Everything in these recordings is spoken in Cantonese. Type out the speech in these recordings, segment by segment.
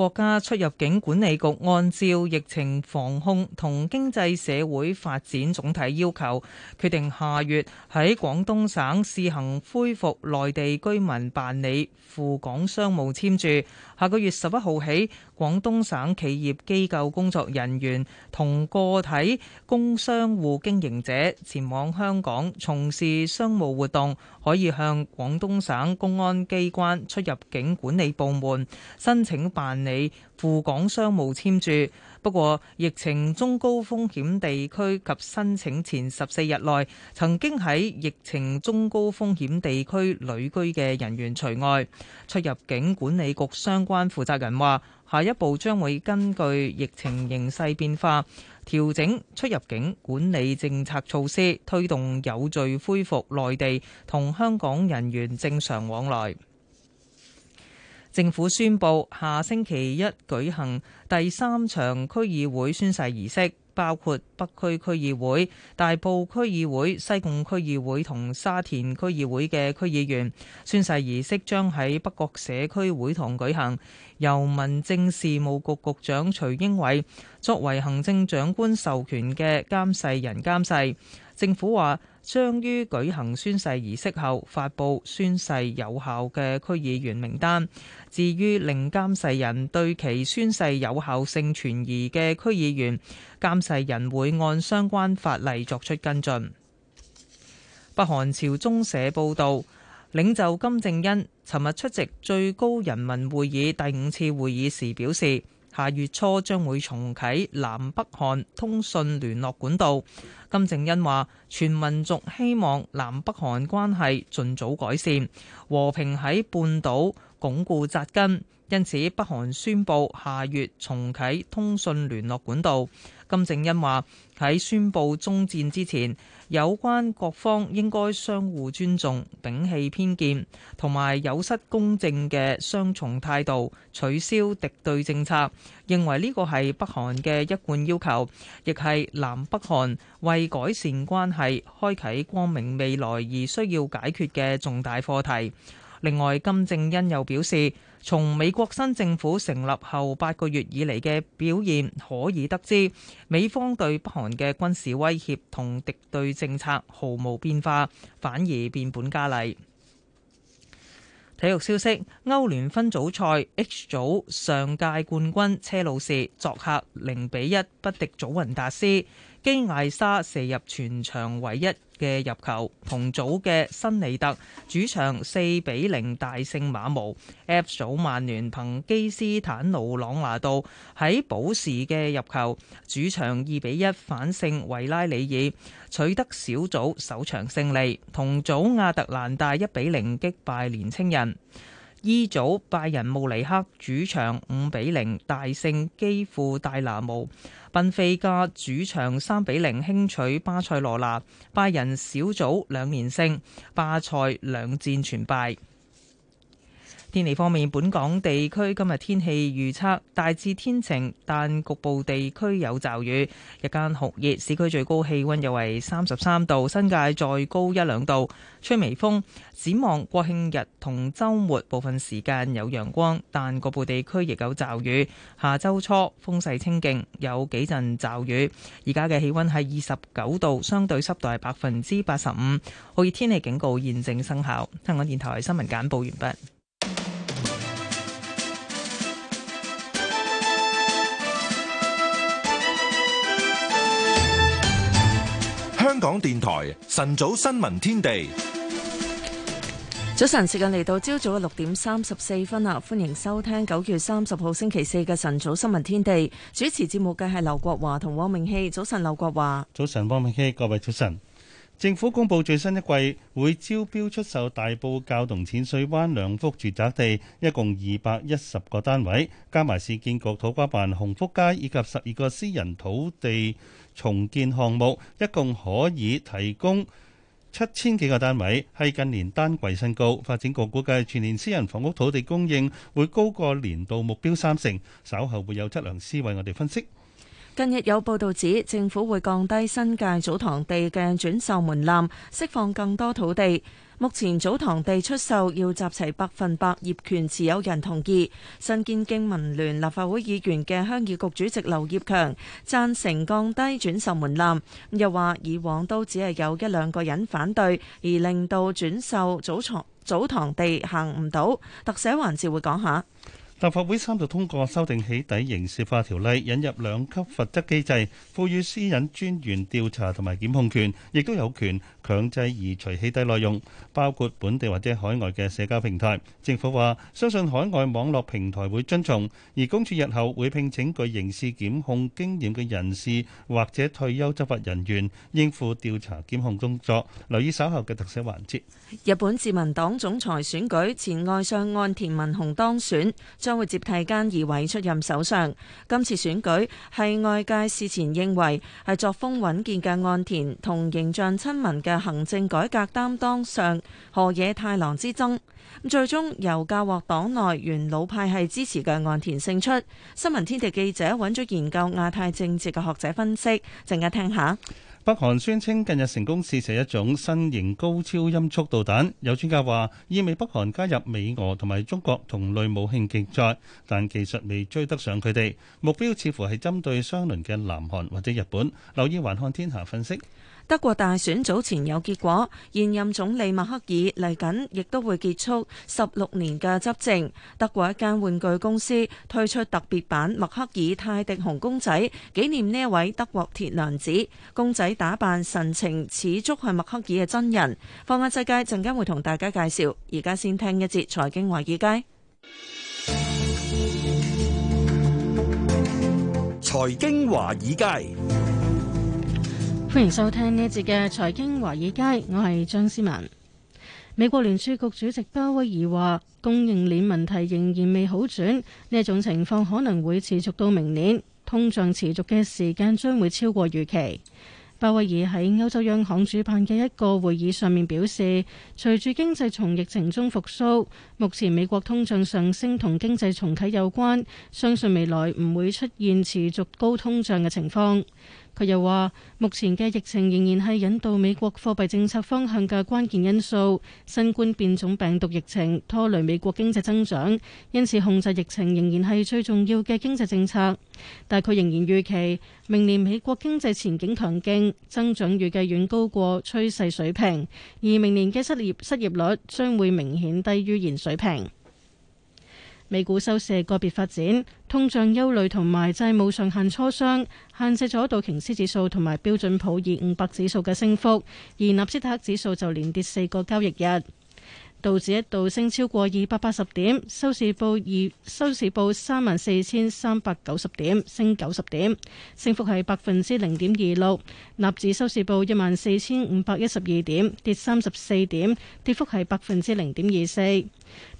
國家出入境管理局，按照疫情防控同經濟社會發展總體要求，決定下月喺廣東省試行恢復內地居民辦理赴港商務簽注。下個月十一號起，廣東省企業、機構工作人員同個體工商戶經營者前往香港從事商務活動。可以向廣東省公安機關出入境管理部門申請辦理赴港商務簽注，不過疫情中高風險地區及申請前十四日內曾經喺疫情中高風險地區旅居嘅人員除外。出入境管理局相關負責人話，下一步將會根據疫情形勢變化。調整出入境管理政策措施，推動有序恢復內地同香港人員正常往來。政府宣布下星期一舉行第三場區議會宣誓儀式。包括北區區議會、大埔區議會、西貢區議會同沙田區議會嘅區議員宣誓儀式將喺北角社區會堂舉行，由民政事務局局長徐英偉作為行政長官授權嘅監誓人監誓。政府話。將於舉行宣誓儀式後發佈宣誓有效嘅區議員名單。至於令監誓人對其宣誓有效性存疑嘅區議員，監誓人會按相關法例作出跟進。北韓朝中社報道，領袖金正恩尋日出席最高人民會議第五次會議時表示，下月初將會重啟南北韓通訊聯絡管道。金正恩話：全民族希望南北韓關係盡早改善，和平喺半島鞏固扎根。因此，北韓宣布下月重啟通訊聯絡管道。金正恩話：喺宣布終戰之前。有關各方應該相互尊重、摒棄偏見同埋有失公正嘅雙重態度，取消敵對政策。認為呢個係北韓嘅一貫要求，亦係南北韓為改善關係、開啓光明未來而需要解決嘅重大課題。另外，金正恩又表示，從美國新政府成立後八個月以嚟嘅表現可以得知，美方對北韓嘅軍事威脅同敵對政策毫無變化，反而變本加厲。體育消息：歐聯分組賽 H 組，上屆冠軍車路士作客零比一不敵祖雲達斯。基艾莎射入全場唯一嘅入球，同組嘅新尼特主場四比零大勝馬毛，F 組曼聯憑基斯坦奴朗拿度喺補時嘅入球，主場二比一反勝維拉里爾，取得小組首場勝利。同組亞特蘭大一比零擊敗年青人。伊祖、e、拜仁慕尼克主場五比零大勝基輔戴拿模，賓菲加主場三比零輕取巴塞羅那，拜仁小組兩連勝，巴塞兩戰全敗。天氣方面，本港地區今日天，天氣預測大致天晴，但局部地區有驟雨。日間酷熱，市區最高氣溫約為三十三度，新界再高一兩度，吹微風。展望國慶日同周末部分時間有陽光，但局部地區亦有驟雨。下周初風勢清勁，有幾陣驟雨。而家嘅氣溫係二十九度，相對濕度係百分之八十五，好熱天氣警告現正生效。香港電台新聞簡報完畢。香港電台晨早新聞天地，早晨，時間嚟到朝早六點三十四分啦，歡迎收聽九月三十號星期四嘅晨早新聞天地，主持節目嘅係劉國華同汪明熙。早晨，劉國華。早晨，汪明熙，各位早晨。政府公布最新一季會招標出售大埔教同淺水灣兩幅住宅地，一共二百一十個單位，加埋市建局土瓜灣鴻福街以及十二個私人土地，重建項目一共可以提供七千幾個單位，係近年單季新高。發展局估計全年私人房屋土地供應會高過年度目標三成，稍後會有測量師為我哋分析。近日有報道指，政府會降低新界祖堂地嘅轉售門檻，釋放更多土地。目前祖堂地出售要集齊百分百業權持有人同意。身兼經民聯立法會議員嘅鄉議局主席劉業強贊成降低轉售門檻，又話以往都只係有一兩個人反對，而令到轉售祖藏祖，祖，祖堂地行唔到。特寫環節會講下。立法會三讀通過修訂起底刑事化條例，引入兩級罰則機制，賦予私隱專員調查同埋檢控權，亦都有權強制移除起底內容，包括本地或者海外嘅社交平台。政府話相信海外網絡平台會遵從，而公署日後會聘請具刑事檢控經驗嘅人士或者退休執法人員應付調查檢控工作，留意稍後嘅特色環節。日本自民黨總裁選舉，前外相岸田文雄當選。將會接替菅義偉出任首相。今次選舉係外界事前認為係作風穩健嘅岸田同形象親民嘅行政改革擔當上河野太郎之爭。最終由較獲黨內元老派系支持嘅岸田勝出。新聞天地記者揾咗研究亞太政治嘅學者分析，陣間聽下。北韓宣稱近日成功試射一種新型高超音速導彈，有專家話意味北韓加入美俄同埋中國同類武器競賽，但技術未追得上佢哋，目標似乎係針對相鄰嘅南韓或者日本。留意環看天下分析。德國大選早前有結果，現任總理默克爾嚟緊亦都會結束十六年嘅執政。德國一間玩具公司推出特別版默克爾泰迪熊公仔，紀念呢一位德國鐵娘子。公仔打扮神情似足係默克爾嘅真人。放眼世界，陣間會同大家介紹。而家先聽一節財經華爾街。財經華爾街。歡迎收聽呢一節嘅財經華爾街，我係張思文。美國聯儲局主席鮑威爾話，供應鏈問題仍然未好轉，呢一種情況可能會持續到明年，通脹持續嘅時間將會超過預期。鮑威爾喺歐洲央行主辦嘅一個會議上面表示，隨住經濟從疫情中復甦，目前美國通脹上升同經濟重啟有關，相信未來唔會出現持續高通脹嘅情況。佢又話，目前嘅疫情仍然係引導美國貨幣政策方向嘅關鍵因素。新冠變種病毒疫情拖累美國經濟增長，因此控制疫情仍然係最重要嘅經濟政策。但佢仍然預期明年美國經濟前景強勁，增長預計遠高過趨勢水平，而明年嘅失業失業率將會明顯低於現水平。美股收市個別發展，通脹憂慮同埋債務上限磋商限制咗道瓊斯指數同埋標準普爾五百指數嘅升幅，而納斯達克指數就連跌四個交易日。道指一度升超過二百八十點，收市報二收市報三萬四千三百九十點，升九十點，升幅係百分之零點二六。納指收市報一萬四千五百一十二點，跌三十四點，跌幅係百分之零點二四。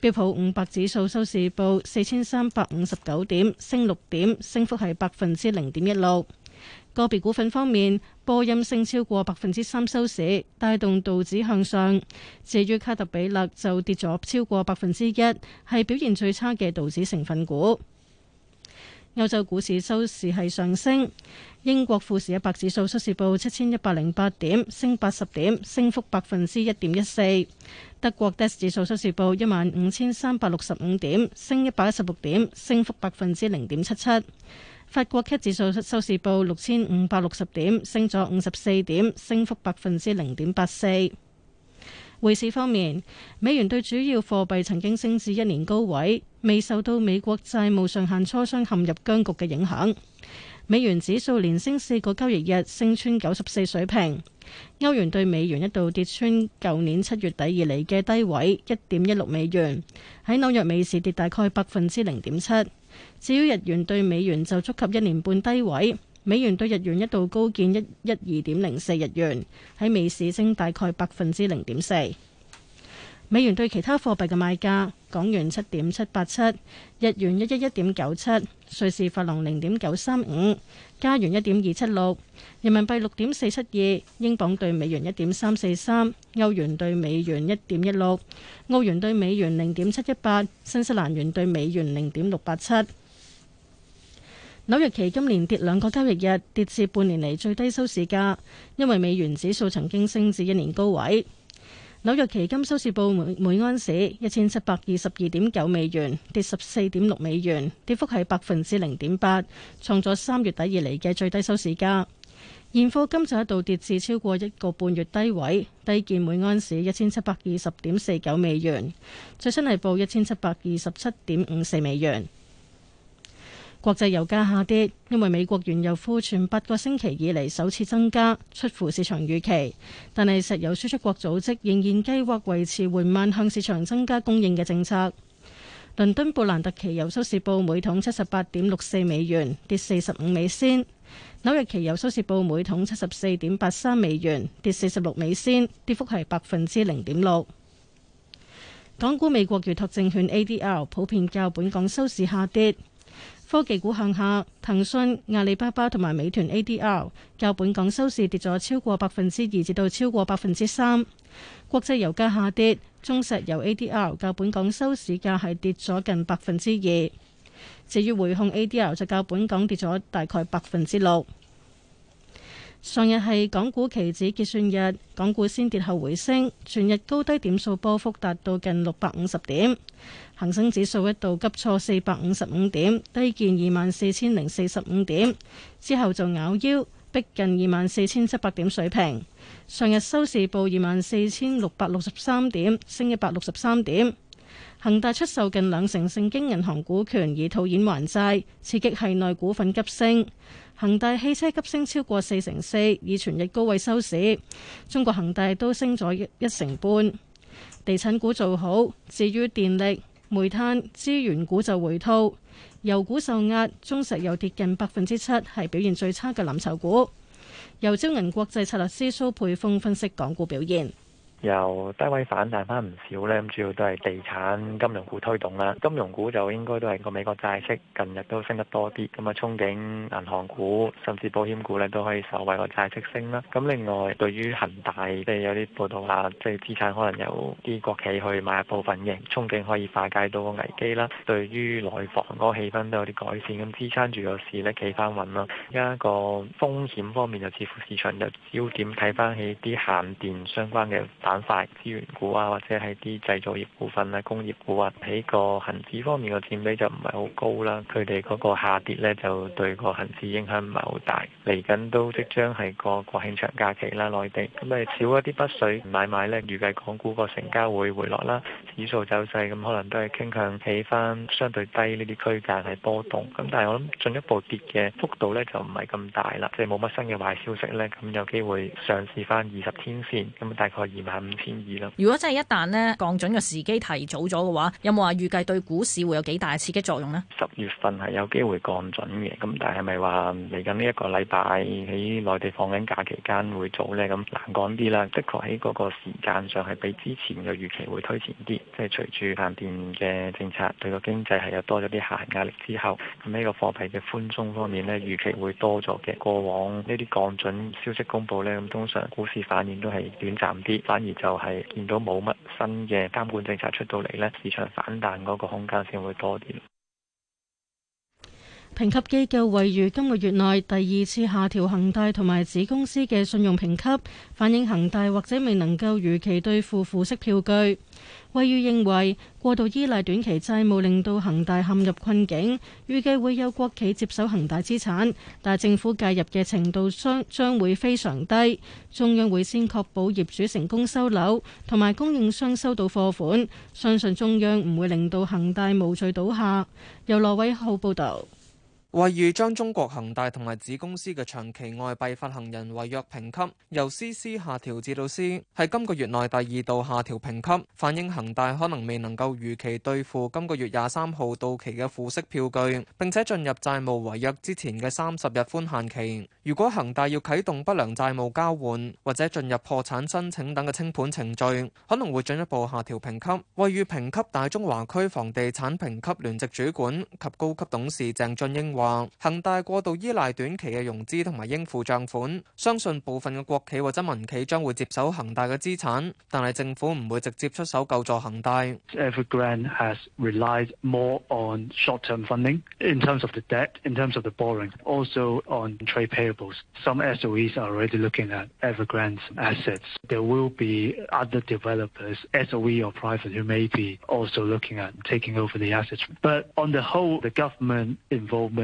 標普五百指數收市報四千三百五十九點，升六點，升幅係百分之零點一六。個別股份方面，波音升超過百分之三收市，帶動道指向上。至於卡特彼勒就跌咗超過百分之一，係表現最差嘅道指成分股。歐洲股市收市係上升，英國富時一百指數收市報七千一百零八點，升八十點，升幅百分之一點一四。德國 DAX 指數收市報一萬五千三百六十五點，升一百一十六點，升幅百分之零點七七。法國 CAC 指數收市報六千五百六十點，升咗五十四點，升幅百分之零點八四。匯市方面，美元對主要貨幣曾經升至一年高位，未受到美國債務上限磋商陷入僵局嘅影響。美元指數連升四個交易日，升穿九十四水平。歐元對美元一度跌穿舊年七月底以嚟嘅低位，一點一六美元喺紐約美市跌大概百分之零點七。至於日元兌美元就觸及一年半低位，美元兌日元一度高見一一二點零四日元，喺尾市升大概百分之零點四。美元對其他貨幣嘅賣價：港元七點七八七，日元一一一點九七，瑞士法郎零點九三五，加元一點二七六，人民幣六點四七二，英鎊對美元一點三四三，歐元對美元一點一六，澳元對美元零點七一八，新西蘭元對美元零點六八七。紐約期金連跌兩個交易日，跌至半年嚟最低收市價，因為美元指數曾經升至一年高位。紐約期金收市報每每安士一千七百二十二點九美元，跌十四點六美元，跌幅係百分之零點八，創咗三月底以嚟嘅最低收市價。現貨金就一度跌至超過一個半月低位，低見每安士一千七百二十點四九美元，最新係報一千七百二十七點五四美元。國際油價下跌，因為美國原油庫存八個星期以嚟首次增加，出乎市場預期。但係石油輸出國組織仍然計劃維持緩慢向市場增加供應嘅政策。倫敦布蘭特期油收市報每桶七十八點六四美元，跌四十五美仙；紐約期油收市報每桶七十四點八三美元，跌四十六美仙，跌幅係百分之零點六。港股美國預託證券 ADR 普遍較本港收市下跌。科技股向下，騰訊阿里巴巴同埋美團 ADR 較本港收市跌咗超過百分之二至到超過百分之三。國際油價下跌，中石油 ADR 較本港收市價係跌咗近百分之二。至於匯控 ADR 就較本港跌咗大概百分之六。上日係港股期指結算日，港股先跌後回升，全日高低點數波幅達到近六百五十點。恒生指數一度急挫四百五十五點，低見二萬四千零四十五點，之後就咬腰逼近二萬四千七百點水平。上日收市報二萬四千六百六十三點，升一百六十三點。恒大出售近兩成盛京銀行股權以套現還債，刺激系內股份急升。恒大汽車急升超過四成四，以全日高位收市。中國恒大都升咗一成半。地產股做好，至於電力、煤炭、資源股就回吐。油股受壓，中石油跌近百分之七，係表現最差嘅藍籌股。由招銀國際策略師蘇佩峰分析港股表現。由低位反彈翻唔少咧，咁主要都係地產、金融股推動啦。金融股就應該都係個美國債息近日都升得多啲，咁啊憧憬銀行股甚至保險股咧都可以受惠個債息升啦。咁另外對於恒大即係、就是、有啲報道話，即係資產可能有啲國企去買一部分嘅憧憬，可以化解到個危機啦。對於內房嗰個氣氛都有啲改善，咁支撐住個市咧企翻穩啦。而家個風險方面就似乎市場又焦點睇翻起啲限電相關嘅。板塊、資源股啊，或者係啲製造業股份啊、工業股啊，喺個恒指方面個佔比就唔係好高啦。佢哋嗰個下跌咧，就對個恒指影響唔係好大。嚟緊都即將係個國慶長假期啦，內地咁咪少一啲北水買賣咧，預計港股個成交會回落啦，指數走勢咁可能都係傾向起翻相對低呢啲區間係波動。咁但係我諗進一步跌嘅幅度咧就唔係咁大啦，即係冇乜新嘅壞消息咧，咁有機會上試翻二十天線咁，大概二萬。五千二啦。如果真係一旦呢降準嘅時機提早咗嘅話，有冇話預計對股市會有幾大刺激作用呢？十月份係有機會降準嘅，咁但係咪話嚟緊呢一個禮拜喺內地放緊假期間會早呢？咁難講啲啦。的確喺嗰個時間上係比之前嘅預期會推前啲，即係隨住限電嘅政策對個經濟係有多咗啲下行壓力之後，咁呢個貨幣嘅寬鬆方面呢，預期會多咗嘅。過往呢啲降準消息公布呢，咁通常股市反應都係短暫啲，反而。就係見到冇乜新嘅監管政策出到嚟咧，市場反彈嗰個空間先會多啲。評級機構惠譽今個月內第二次下調恆大同埋子公司嘅信用評級，反映恆大或者未能夠如期兌付付息票據。惠譽認為過度依賴短期債務令到恆大陷入困境，預計會有國企接手恆大資產，但政府介入嘅程度將將會非常低。中央會先確保業主成功收樓同埋供應商收到貨款，相信中央唔會令到恆大無序倒下。由羅偉浩報道。惠譽將中國恒大同埋子公司嘅長期外幣發行人違約評級由 CC 下調至到 C，係今個月內第二度下調評級，反映恒大可能未能夠如期兌付今個月廿三號到期嘅付息票據，並且進入債務違約之前嘅三十日寬限期。如果恒大要啟動不良債務交換或者進入破產申請等嘅清盤程序，可能會進一步下調評級。惠譽評級大中華區房地產評級聯席主管及高級董事鄭俊英。話恒大過度依賴短期嘅融資同埋應付賬款，相信部分嘅國企或者民企將會接手恒大嘅資產，但係政府唔會直接出手救助恒大。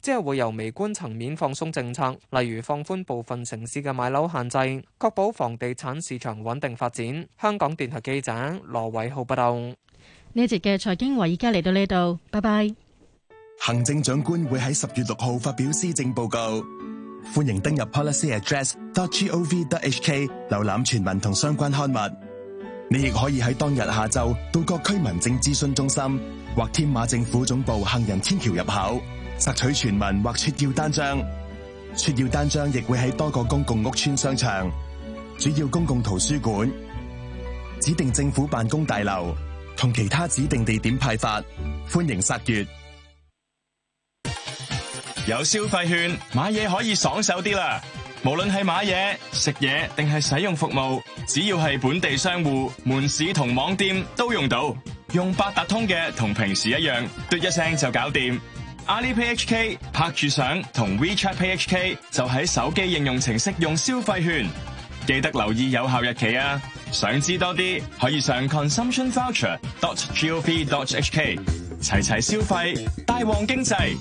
即係會由微觀層面放鬆政策，例如放寬部分城市嘅買樓限制，確保房地產市場穩定發展。香港電台記者羅偉浩報道。呢節嘅財經話而家嚟到呢度，拜拜。行政長官會喺十月六號發表施政報告，歡迎登入 policyaddress.gov.hk 瀏覽全文同相關刊物。你亦可以喺當日下晝到各區民政諮詢中心或添馬政府總部行人天橋入口。索取全文或撮要單張，撮要單張亦會喺多個公共屋邨、商場、主要公共圖書館、指定政府辦公大樓同其他指定地點派發，歡迎索閱。有消費券，買嘢可以爽手啲啦。無論係買嘢、食嘢定係使用服務，只要係本地商戶、門市同網店都用到，用八達通嘅同平時一樣，嘟一聲就搞掂。AlipayHK 拍住賞同 WeChat Pay HK 就喺手機應用程式用消費券，記得留意有效日期啊！想知多啲可以上 consumptionvoucher.gov.hk 齊齊消費大旺經濟。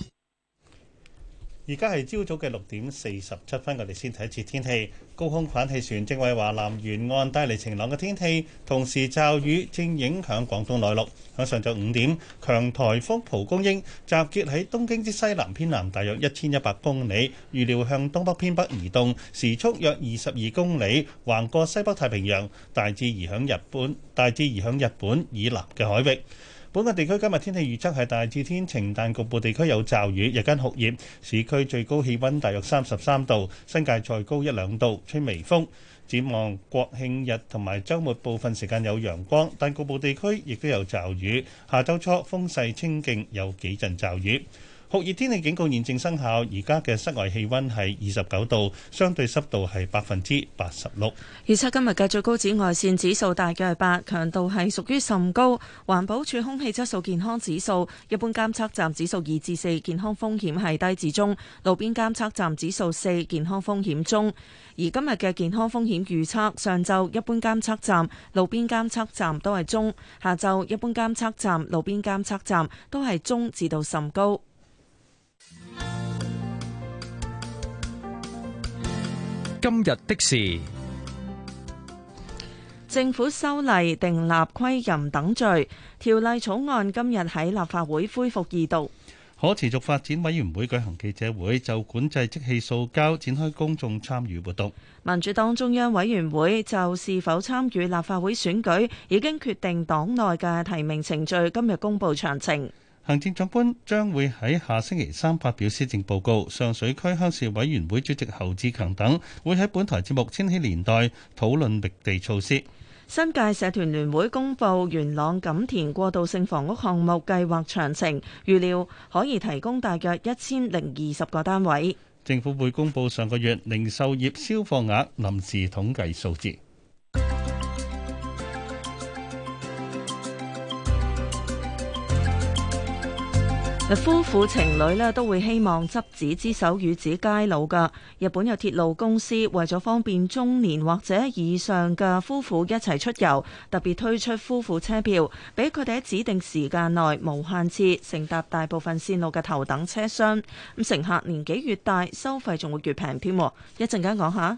而家係朝早嘅六點四十七分，我哋先睇一次天氣。高空反氣旋正為華南沿岸帶嚟晴朗嘅天氣，同時驟雨正影響廣東內陸。喺上晝五點，強颱風蒲公英集結喺東京之西南偏南，大約一千一百公里，預料向東北偏北移動，時速約二十二公里，橫過西北太平洋，大致移向日本，大致移向日本以南嘅海域。本港地區今日天氣預測係大致天晴，但局部地區有驟雨，日間酷熱，市區最高氣溫大約三十三度，新界再高一兩度，吹微風，展望國慶日同埋周末部分時間有陽光，但局部地區亦都有驟雨。下周初風勢清勁，有幾陣驟雨。酷熱天氣警告現正生效，而家嘅室外氣温係二十九度，相對濕度係百分之八十六。預測今日嘅最高紫外線指數大概係八，強度係屬於甚高。環保署空氣質素健康指數，一般監測站指數二至四，健康風險係低至中；路邊監測站指數四，健康風險中。而今日嘅健康風險預測，上晝一般監測站、路邊監測站都係中；下晝一般監測站、路邊監測站都係中至到甚高。今日的事，政府修例訂立窺淫等罪條例草案今日喺立法會恢復二讀可持續發展委員會舉行記者會，就管制即棄塑膠展開公眾參與活動。民主黨中央委員會就是否參與立法會選舉，已經決定黨內嘅提名程序，今日公布詳情。行政長官將會喺下星期三發表施政報告，上水區鄉事委員會主席侯志強等會喺本台節目《千禧年代》討論覓地措施。新界社團聯會公布元朗錦田過渡性房屋項目計劃詳情，預料可以提供大約一千零二十個單位。政府會公布上個月零售業銷貨額臨時統計數字。夫婦情侶呢都會希望執子之手與子偕老噶。日本有鐵路公司為咗方便中年或者以上嘅夫婦一齊出遊，特別推出夫婦車票，俾佢哋喺指定時間內無限次乘搭大部分線路嘅頭等車廂。咁乘客年紀越大，收費仲會越平添。一陣間講下。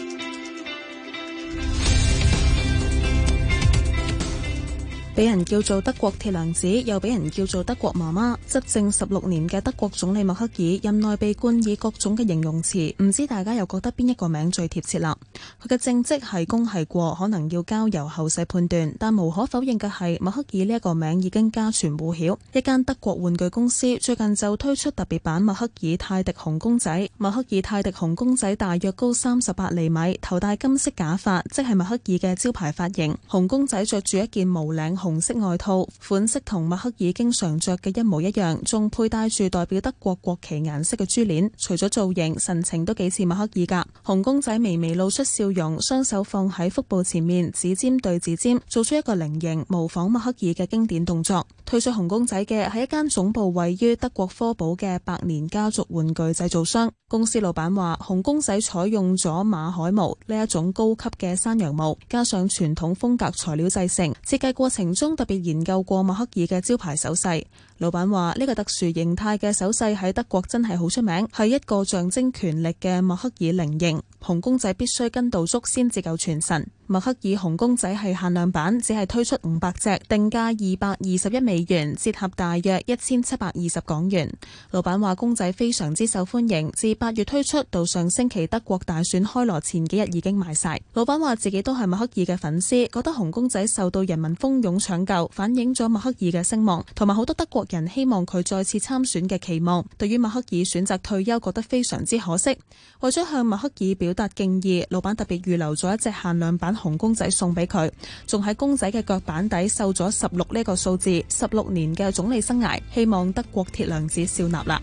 俾人叫做德國鐵娘子，又俾人叫做德國媽媽。執政十六年嘅德國總理默克爾，任內被冠以各種嘅形容詞，唔知大家又覺得邊一個名最貼切啦？佢嘅政績係功係過，可能要交由後世判斷，但無可否認嘅係默克爾呢一個名已經家傳戶曉。一間德國玩具公司最近就推出特別版默克爾泰迪熊公仔，默克爾泰迪熊公仔大約高三十八厘米，頭戴金色假髮，即係默克爾嘅招牌髮型。熊公仔着住一件毛領。紅色外套款式同默克爾經常着嘅一模一樣，仲佩戴住代表德國國旗顏色嘅珠鏈。除咗造型、神情都幾似默克爾噶。熊公仔微微露出笑容，雙手放喺腹部前面，指尖對指尖，做出一個菱形，模仿默克爾嘅經典動作。推出熊公仔嘅係一間總部位於德國科堡嘅百年家族玩具製造商。公司老闆話，熊公仔採用咗馬海毛呢一種高級嘅山羊毛，加上傳統風格材料製成，設計過程中特別研究過默克爾嘅招牌手勢。老闆話：呢、這個特殊形態嘅手勢喺德國真係好出名，係一個象徵權力嘅默克爾菱形。紅公仔必須跟到足先至夠傳神。默克爾紅公仔係限量版，只係推出五百隻，定價二百二十一美元，折合大約一千七百二十港元。老闆話公仔非常之受歡迎，自八月推出到上星期德國大選開羅前幾日已經賣晒。老闆話自己都係默克爾嘅粉絲，覺得紅公仔受到人民蜂擁搶救，反映咗默克爾嘅聲望同埋好多德國。人希望佢再次參選嘅期望，對於默克爾選擇退休，覺得非常之可惜。為咗向默克爾表達敬意，老闆特別預留咗一隻限量版紅公仔送俾佢，仲喺公仔嘅腳板底繡咗十六呢個數字，十六年嘅總理生涯，希望德國鐵娘子笑納啦。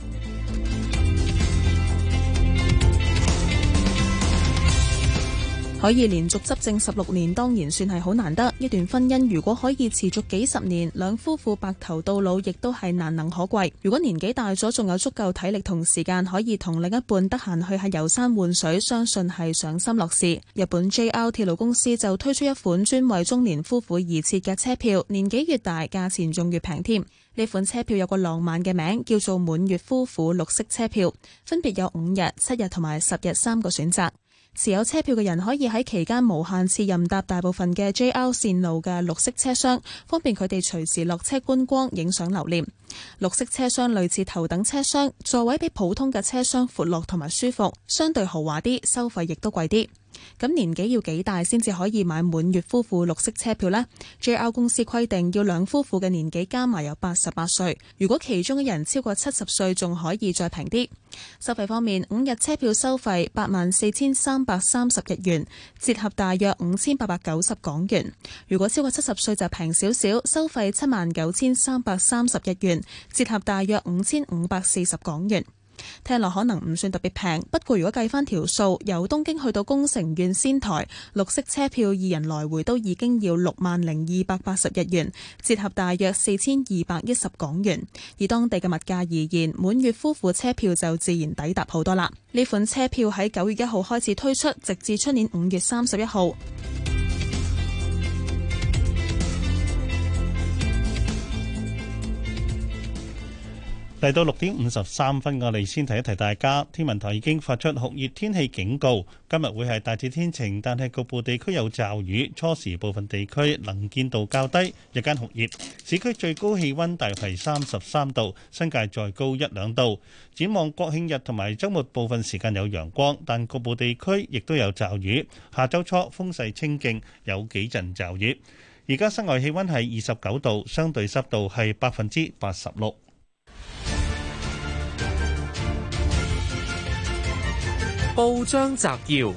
可以連續執政十六年，當然算係好難得。一段婚姻如果可以持續幾十年，兩夫婦白頭到老，亦都係難能可貴。如果年紀大咗，仲有足夠體力同時間，可以同另一半得閒去下遊山玩水，相信係賞心樂事。日本 JR 鐵路公司就推出一款專為中年夫婦而設嘅車票，年紀越大，價錢仲越平添。呢款車票有個浪漫嘅名，叫做滿月夫婦綠色車票，分別有五日、七日同埋十日三個選擇。持有車票嘅人可以喺期間無限次任搭大部分嘅 JR 線路嘅綠色車廂，方便佢哋隨時落車觀光、影相留念。綠色車廂類似頭等車廂，座位比普通嘅車廂闊落同埋舒服，相對豪華啲，收費亦都貴啲。咁年紀要幾大先至可以買滿月夫婦綠色車票呢？JR 公司規定要兩夫婦嘅年紀加埋有八十八歲，如果其中一人超過七十歲，仲可以再平啲。收費方面，五日車票收費八萬四千三百三十日元，折合大約五千八百九十港元。如果超過七十歲就平少少，收費七萬九千三百三十日元，折合大約五千五百四十港元。聽落可能唔算特別平，不過如果計翻條數，由東京去到宮城縣仙台綠色車票二人來回都已經要六萬零二百八十日元，折合大約四千二百一十港元。以當地嘅物價而言，滿月夫婦車票就自然抵達好多啦。呢款車票喺九月一號開始推出，直至出年五月三十一號。嚟到六點五十三分，我哋先提一提大家。天文台已經發出酷熱天氣警告，今日會係大致天晴，但係局部地區有驟雨。初時部分地區能見度較低，日間酷熱。市區最高氣温大約係三十三度，新界再高一兩度。展望國慶日同埋週末部分時間有陽光，但局部地區亦都有驟雨。下週初風勢清勁，有幾陣驟雨。而家室外氣温係二十九度，相對濕度係百分之八十六。報章摘要。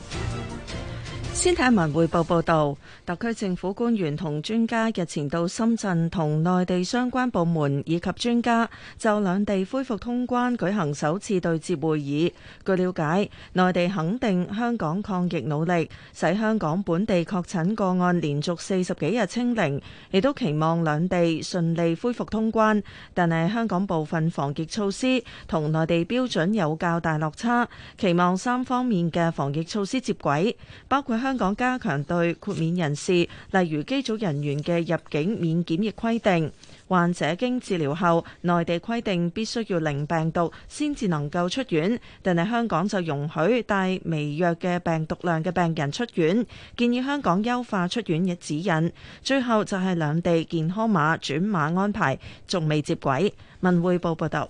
先睇文匯報報道，特區政府官員同專家日前到深圳同內地相關部門以及專家就兩地恢復通關舉行首次對接會議。據了解，內地肯定香港抗疫努力，使香港本地確診個案連續四十幾日清零，亦都期望兩地順利恢復通關。但係香港部分防疫措施同內地標準有較大落差，期望三方面嘅防疫措施接軌，包括。香港加強對豁免人士，例如機組人員嘅入境免檢疫規定。患者經治療後，內地規定必須要零病毒先至能夠出院，但係香港就容許帶微弱嘅病毒量嘅病人出院。建議香港優化出院嘅指引。最後就係兩地健康碼轉碼安排，仲未接軌。文匯報報道。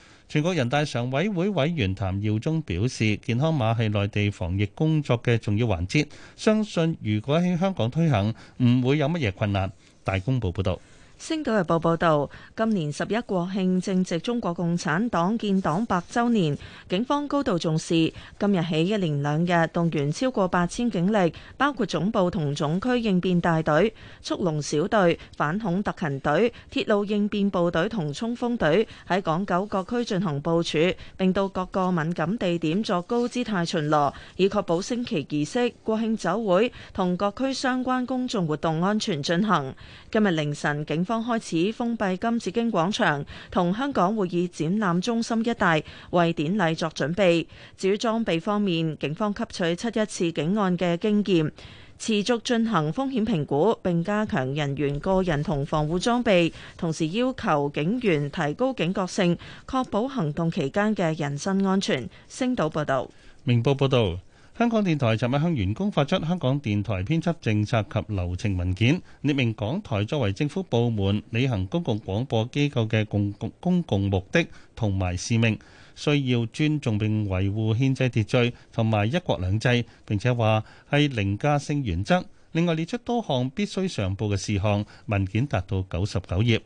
全國人大常委會委員譚耀，耀宗表示，健康碼係內地防疫工作嘅重要環節，相信如果喺香港推行，唔會有乜嘢困難。大公報報導。《星島日報》報道，今年十一國慶正值中國共產黨建黨百周年，警方高度重視，今日起一連兩日，動員超過八千警力，包括總部同總區應變大隊、速龍小隊、反恐特勤隊、鐵路應變部隊同衝鋒隊喺港九各區進行部署，並到各個敏感地點作高姿態巡邏，以確保升旗儀式、國慶酒會同各區相關公眾活動安全進行。今日凌晨，警方開始封閉金紫荊廣場同香港會議展覽中心一帶，為典禮作準備。至於裝備方面，警方吸取七一次警案嘅經驗，持續進行風險評估，並加強人員個人同防護裝備，同時要求警員提高警覺性，確保行動期間嘅人身安全。星島報道，明報報道。香港電台尋日向員工發出香港電台編輯政策及流程文件，列明港台作為政府部門，履行公共廣播機構嘅共公共目的同埋使命，需要尊重並維護憲制秩序同埋一國兩制，並且話係凌駕性原則。另外列出多項必須上報嘅事項，文件達到九十九頁。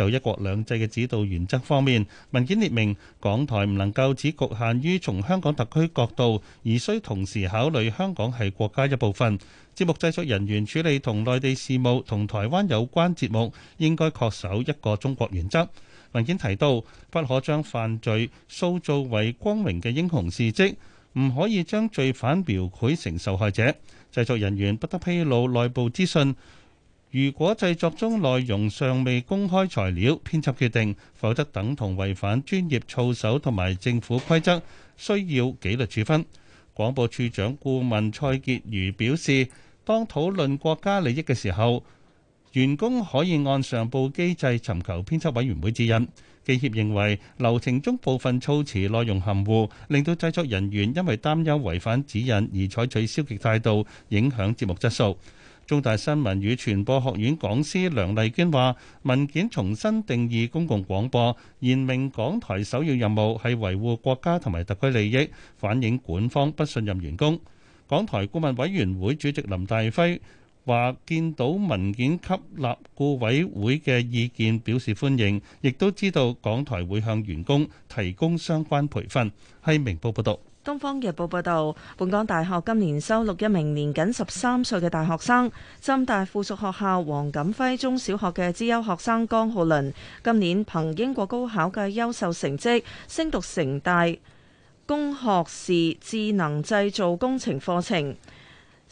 就一國兩制嘅指導原則方面，文件列明港台唔能夠只侷限於從香港特區角度，而需同時考慮香港係國家一部分。節目製作人員處理同內地事務同台灣有關節目，應該確守一個中國原則。文件提到，不可將犯罪塑造為光榮嘅英雄事蹟，唔可以將罪犯描繪成受害者。製作人員不得披露內部資訊。如果製作中內容尚未公開材料編輯決定，否則等同違反專業操守同埋政府規則，需要紀律處分。廣播處長顧問蔡潔如表示，當討論國家利益嘅時候，員工可以按上報機制尋求編輯委員會指引。記協認為流程中部分措辭內容含糊，令到製作人員因為擔憂違反指引而採取消極態度，影響節目質素。中大新聞與傳播學院講師梁麗娟話：文件重新定義公共廣播，言明港台首要任務係維護國家同埋特區利益，反映管方不信任員工。港台顧問委員會主席林大輝話：見到文件給立顧委會嘅意見表示歡迎，亦都知道港台會向員工提供相關培訓。係明報報導。東方日報報道，本港大學今年收錄一名年僅十三歲嘅大學生，浸大附屬學校黃錦輝中小學嘅資優學生江浩倫，今年憑英國高考嘅優秀成績，升讀城大工學士智能製造工程課程。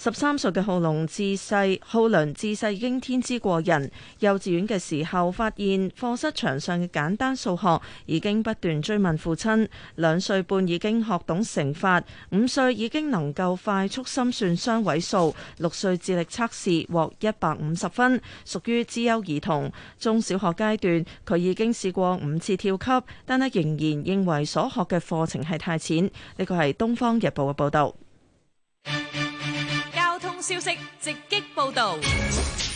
十三歲嘅浩龍自細，浩龍自細已經天資過人。幼稚園嘅時候，發現課室牆上嘅簡單數學已經不斷追問父親。兩歲半已經學懂乘法，五歲已經能夠快速心算雙位數，六歲智力測試獲一百五十分，屬於資優兒童。中小學階段，佢已經試過五次跳級，但係仍然認為所學嘅課程係太淺。呢個係《東方日報》嘅報導。消息直擊報道。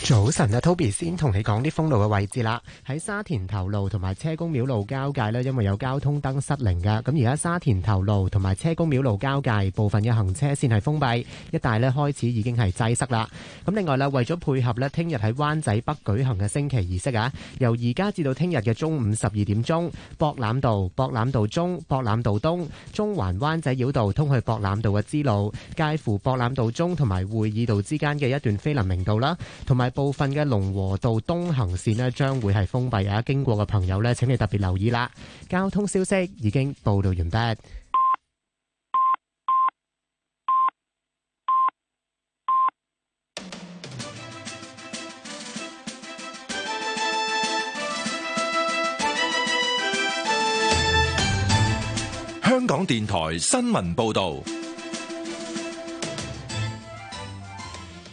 早晨啊，Toby 先同你講啲封路嘅位置啦。喺沙田頭路同埋車公廟路交界呢，因為有交通燈失靈嘅，咁而家沙田頭路同埋車公廟路交界部分嘅行車綫係封閉，一帶呢開始已經係擠塞啦。咁另外啦，為咗配合呢聽日喺灣仔北舉行嘅升旗儀式啊，由而家至到聽日嘅中午十二點鐘，博覽道、博覽道中、博覽道東、中環灣仔繞道通去博覽道嘅支路，介乎博覽道中同埋會議道之間嘅一段菲林明道啦，同埋。部分嘅龍和道東行線呢將會係封閉，而家經過嘅朋友呢，請你特別留意啦。交通消息已經報道完畢。香港電台新聞報道。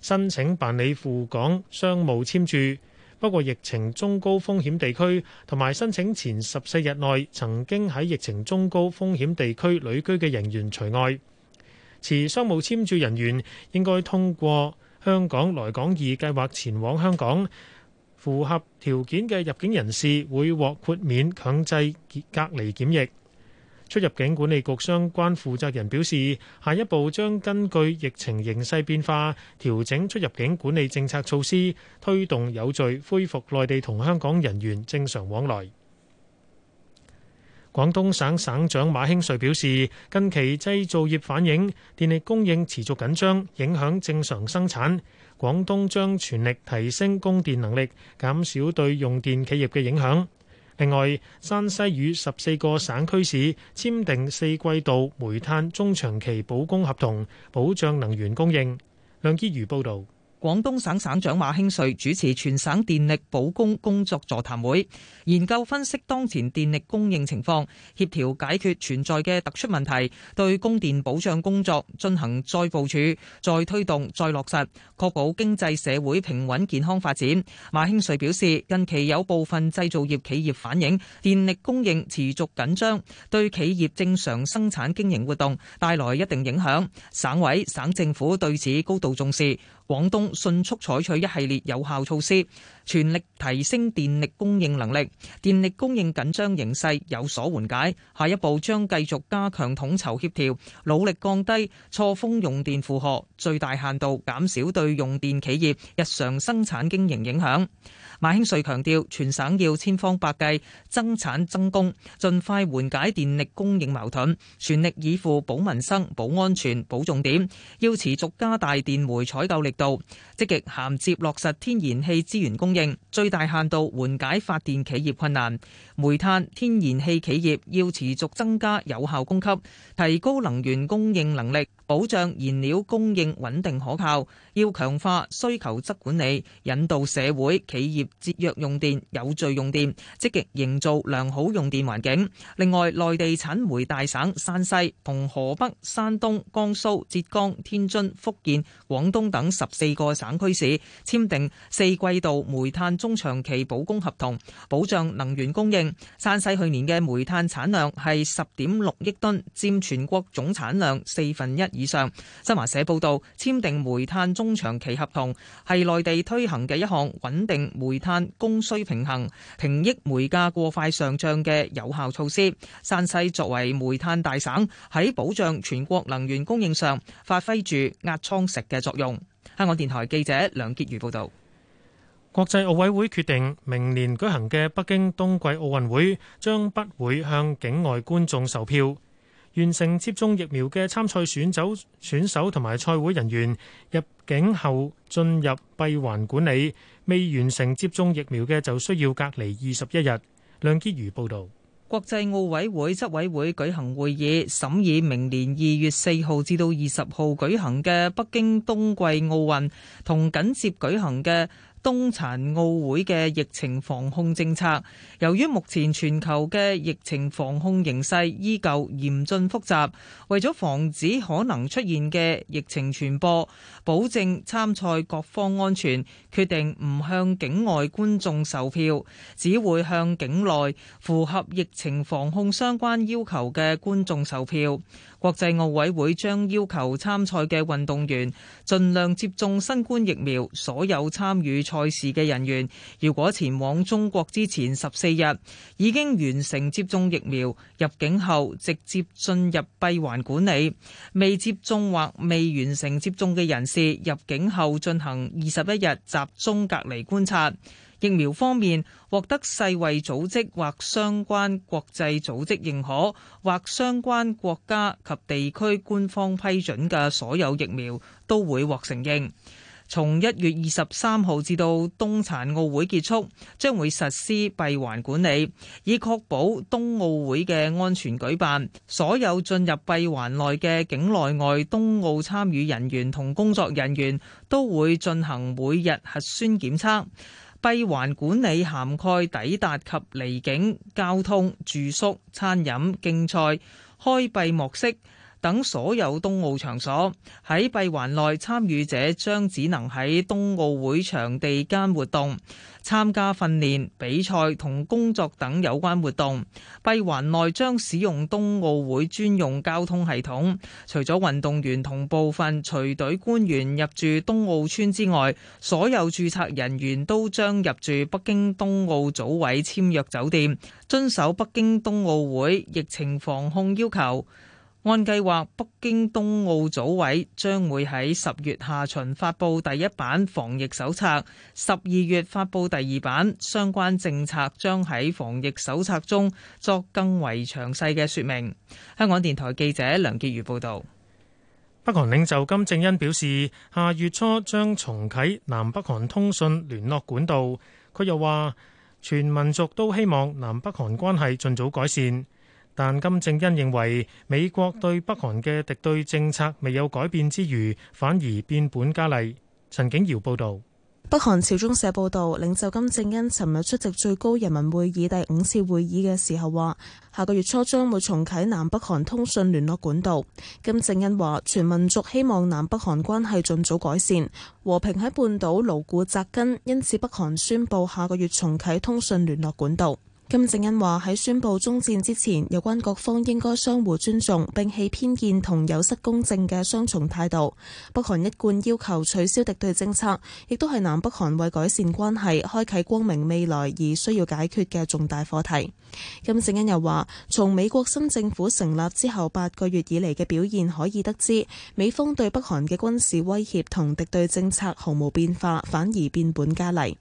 申請辦理赴港商務簽注，不過疫情中高風險地區同埋申請前十四日內曾經喺疫情中高風險地區旅居嘅人員除外。持商務簽注人員應該通過香港來港易計劃前往香港，符合條件嘅入境人士會獲豁免強制隔離檢疫。出入境管理局相關負責人表示，下一步將根據疫情形勢變化，調整出入境管理政策措施，推動有序恢復內地同香港人員正常往來。廣東省省省長馬興瑞表示，近期製造業反映電力供應持續緊張，影響正常生產。廣東將全力提升供電能力，減少對用電企業嘅影響。另外，山西與十四個省區市簽訂四季度煤炭中長期保供合同，保障能源供應。梁志餘報導。廣東省省長馬興瑞主持全省電力保供工作座談會，研究分析當前電力供應情況，協調解決存在嘅突出問題，對供電保障工作進行再部署、再推動、再落實，確保經濟社會平穩健康發展。馬興瑞表示，近期有部分製造業企業反映電力供應持續緊張，對企業正常生產經營活動帶來一定影響，省委省政府對此高度重視。廣東迅速採取一系列有效措施。全力提升電力供應能力，電力供應緊張形勢有所緩解。下一步將繼續加強統籌協調，努力降低錯峰用電負荷，最大限度減少對用電企業日常生產經營影響。馬興瑞強調，全省要千方百計增產增供，盡快緩解電力供應矛盾，全力以赴保民生、保安全、保重點，要持續加大電煤採購力度。積極銜接落實天然氣資源供應，最大限度緩解發電企業困難。煤炭、天然氣企業要持續增加有效供給，提高能源供應能力。保障燃料供應穩定可靠，要強化需求側管理，引導社會企業節約用電、有序用電，積極營造良好用電環境。另外，內地產煤大省山西同河北、山東、江蘇、浙江、天津、福建、廣東等十四個省區市簽訂四季度煤炭中長期保供合同，保障能源供應。山西去年嘅煤炭產量係十點六億噸，占全國總產量四分一。以上，新華社報道，簽訂煤炭中長期合同係內地推行嘅一項穩定煤炭供需平衡、平抑煤價過快上漲嘅有效措施。山西作為煤炭大省，喺保障全國能源供應上發揮住壓艙石嘅作用。香港電台記者梁潔如報道。國際奧委會決定，明年舉行嘅北京冬季奧運會將不會向境外觀眾售票。完成接種疫苗嘅參賽選手選手同埋賽會人員入境後進入閉環管理，未完成接種疫苗嘅就需要隔離二十一日。梁潔如報道。國際奧委會執委會舉行會議，審議明年二月四號至到二十號舉行嘅北京冬季奧運同緊接舉行嘅。冬殘奧會嘅疫情防控政策，由於目前全球嘅疫情防控形勢依舊嚴峻複雜，為咗防止可能出現嘅疫情傳播，保證參賽各方安全，決定唔向境外觀眾售票，只會向境內符合疫情防控相關要求嘅觀眾售票。國際奧委會將要求參賽嘅運動員盡量接種新冠疫苗。所有參與賽事嘅人員，如果前往中國之前十四日已經完成接種疫苗，入境後直接進入閉環管理；未接種或未完成接種嘅人士，入境後進行二十一日集中隔離觀察。疫苗方面，獲得世衛組織或相關國際組織認可，或相關國家及地區官方批准嘅所有疫苗都會獲承認，從一月二十三號至到冬殘奧會結束，將會實施閉環管理，以確保冬奧會嘅安全舉辦。所有進入閉環內嘅境內外冬奧參與人員同工作人員都會進行每日核酸檢測。閉環管理涵蓋抵達及離境、交通、住宿、餐飲、競賽開閉幕式。等所有冬奧場所喺閉環內，參與者將只能喺冬奧會場地間活動，參加訓練、比賽同工作等有關活動。閉環內將使用冬奧會專用交通系統，除咗運動員同部分隨隊官員入住冬奧村之外，所有注冊人員都將入住北京冬奧組委簽約酒店，遵守北京冬奧會疫情防控要求。按計劃，北京冬奧組委將會喺十月下旬發布第一版防疫手冊，十二月發布第二版。相關政策將喺防疫手冊中作更為詳細嘅説明。香港電台記者梁潔如報導。北韓領袖金正恩表示，下月初將重啟南北韓通訊聯絡管道。佢又話，全民族都希望南北韓關係盡早改善。但金正恩認為美國對北韓嘅敵對政策未有改變之餘，反而變本加厲。陳景瑤報道。北韓朝中社報道，領袖金正恩尋日出席最高人民會議第五次會議嘅時候話，下個月初將會重啟南北韓通訊聯絡管道。金正恩話，全民族希望南北韓關係盡早改善，和平喺半島牢固紮根，因此北韓宣布下個月重啟通訊聯絡管道。金正恩話，喺宣布終戰之前，有關各方應該相互尊重，摒棄偏見同有失公正嘅雙重態度。北韓一貫要求取消敵對政策，亦都係南北韓為改善關係、開啓光明未來而需要解決嘅重大課題。金正恩又話，從美國新政府成立之後八個月以嚟嘅表現可以得知，美方對北韓嘅軍事威脅同敵對政策毫無變化，反而變本加厲。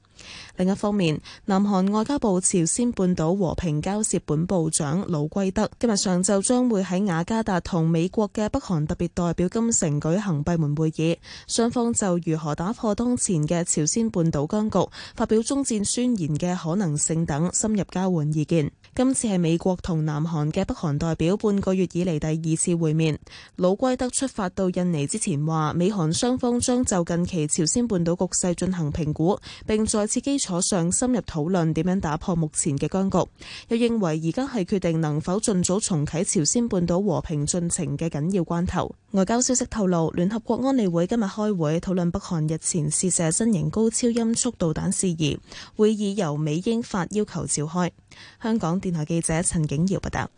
另一方面，南韓外交部朝鮮半島和平交涉本部長魯圭德今日上晝將會喺雅加達同美國嘅北韓特別代表金城舉行閉門會議，雙方就如何打破當前嘅朝鮮半島僵局、發表終戰宣言嘅可能性等深入交換意見。今次係美國同南韓嘅北韓代表半個月以嚟第二次會面。魯圭德出發到印尼之前話，美韓雙方將就近期朝鮮半島局勢進行評估，並在此基礎上深入討論點樣打破目前嘅僵局。又認為而家係決定能否盡早重啟朝鮮半島和平進程嘅緊要關頭。外交消息透露，聯合國安理會今日開會討論北韓日前試射新型高超音速導彈事宜，會議由美英法要求召開。香港電台記者陳景堯報道，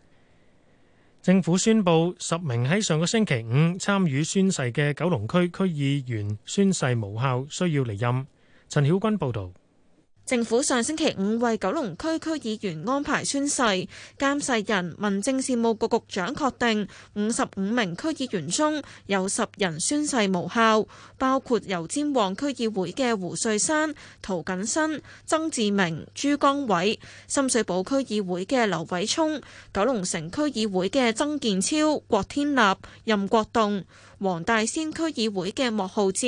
政府宣佈十名喺上個星期五參與宣誓嘅九龍區區議員宣誓無效，需要離任。陳曉君報道。政府上星期五為九龍區區議員安排宣誓，監誓人、民政事務局局長確定五十五名區議員中有十人宣誓無效，包括油尖旺區議會嘅胡瑞山、涂謹申、曾志明、朱江偉、深水埗區議會嘅劉偉聰、九龍城區議會嘅曾健超、郭天立、任國棟、黃大仙區議會嘅莫浩哲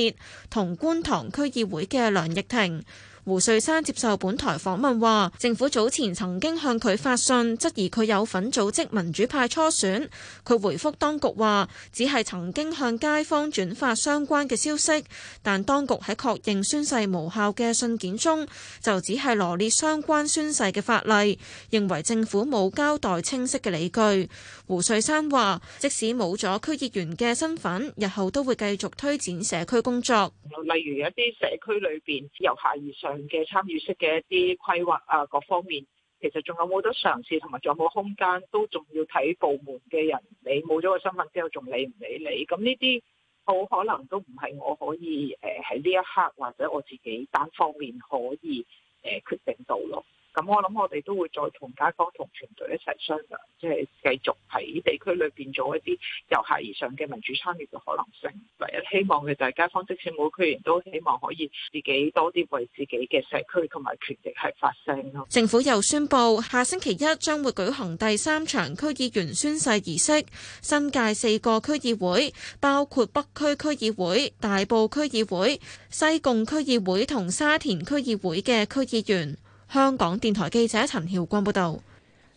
同觀塘區議會嘅梁奕婷。胡瑞山接受本台訪問話，政府早前曾經向佢發信，質疑佢有份組織民主派初選。佢回覆當局話，只係曾經向街坊轉發相關嘅消息，但當局喺確認宣誓無效嘅信件中，就只係羅列相關宣誓嘅法例，認為政府冇交代清晰嘅理據。胡瑞山話，即使冇咗區議員嘅身份，日後都會繼續推展社區工作，例如一啲社區裏邊由下而上嘅參與式嘅一啲規劃啊，各方面其實仲有冇得嘗試，同埋仲有冇空間，都仲要睇部門嘅人。你冇咗個身份之後，仲理唔理你？咁呢啲好可能都唔係我可以誒喺呢一刻，或者我自己單方面可以誒決定到咯。咁我諗，我哋都會再同街坊同團隊一齊商量，即係繼續喺地區裏邊做一啲由下而上嘅民主參與嘅可能性。唯一希望嘅就係街坊即使冇區議員，都希望可以自己多啲為自己嘅社區同埋權益係發聲咯。政府又宣布，下星期一將會舉行第三場區議員宣誓儀式。新界四個區議會，包括北區區議會、大埔區議會、西貢區議會同沙田區議會嘅區議員。香港電台記者陳曉光報道，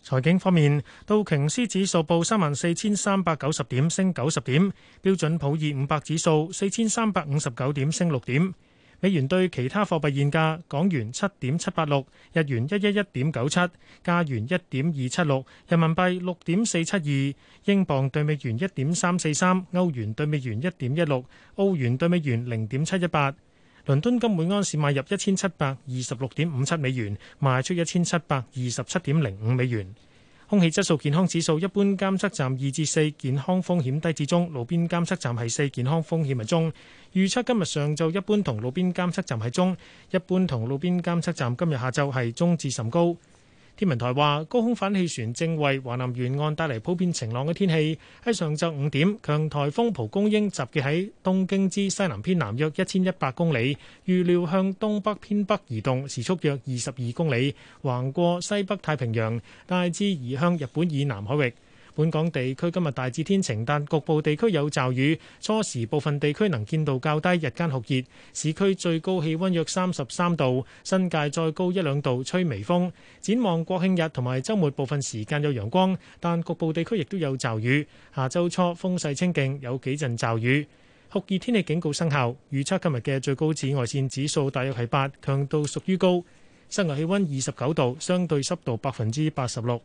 財經方面，道瓊斯指數報三萬四千三百九十點，升九十點；標準普爾五百指數四千三百五十九點，升六點。美元對其他貨幣現價：港元七點七八六，日元一一一點九七，加元一點二七六，人民幣六點四七二，英鎊兌美元一點三四三，歐元兌美元一點一六，澳元兌美元零點七一八。倫敦金每安士買入一千七百二十六點五七美元，賣出一千七百二十七點零五美元。空氣質素健康指數一般監測站二至四，健康風險低至中；路邊監測站係四，健康風險係中。預測今日上晝一般同路邊監測站係中，一般同路邊監測站今日下晝係中至甚高。天文台話，高空反氣旋正為華南沿岸帶嚟普遍晴朗嘅天氣。喺上晝五點，強颱風蒲公英集結喺東京之西南偏南約一千一百公里，預料向東北偏北移動，時速約二十二公里，橫過西北太平洋，大致移向日本以南海域。本港地區今日大致天晴，但局部地區有驟雨。初時部分地區能見度較低，日間酷熱，市區最高氣溫約三十三度，新界再高一兩度，吹微風。展望國慶日同埋週末，部分時間有陽光，但局部地區亦都有驟雨。下周初風勢清勁，有幾陣驟雨。酷熱天氣警告生效，預測今日嘅最高紫外線指數大約係八，強度屬於高。室外氣溫二十九度，相對濕度百分之八十六。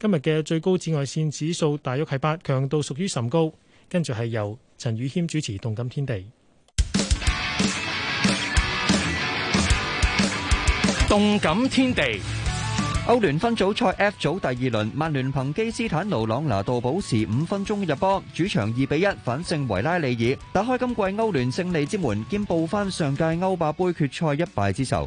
今日嘅最高紫外線指數大約係八，強度屬於甚高。跟住係由陳宇謙主持《動感天地》。《動感天地》歐聯分組賽 F 組第二輪，曼聯憑基斯坦奴朗拿度補時五分鐘入波，主場二比一反勝維拉利爾，打開今季歐聯勝利之門，兼報翻上屆歐霸杯決賽一敗之仇。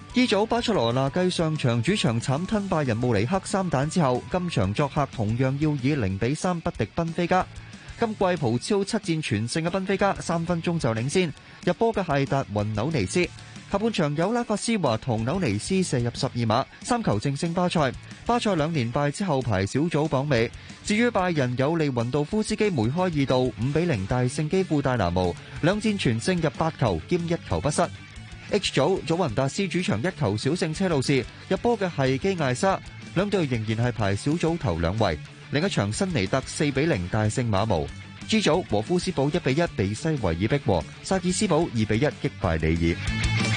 E 組巴塞羅那繼上場主場慘吞拜仁慕尼黑三蛋之後，今場作客同樣要以零比三不敵賓菲加。今季葡超七戰全勝嘅賓菲加，三分鐘就領先，入波嘅係達雲紐尼斯。下半場有拉法斯華同紐尼斯射入十二碼，三球正勝巴塞。巴塞兩連敗之後排小組榜尾。至於拜仁有利雲道夫斯基梅開二度，五比零大勝基輔戴拿模，兩戰全勝，入八球兼一球不失。H 組，祖雲達斯主場一球小勝車路士，入波嘅係基艾莎。兩隊仍然係排小組頭兩位。另一場，新尼特四比零大勝馬毛。G 組，和夫斯堡一比一被西維爾逼和，薩爾斯堡二比一擊敗里爾。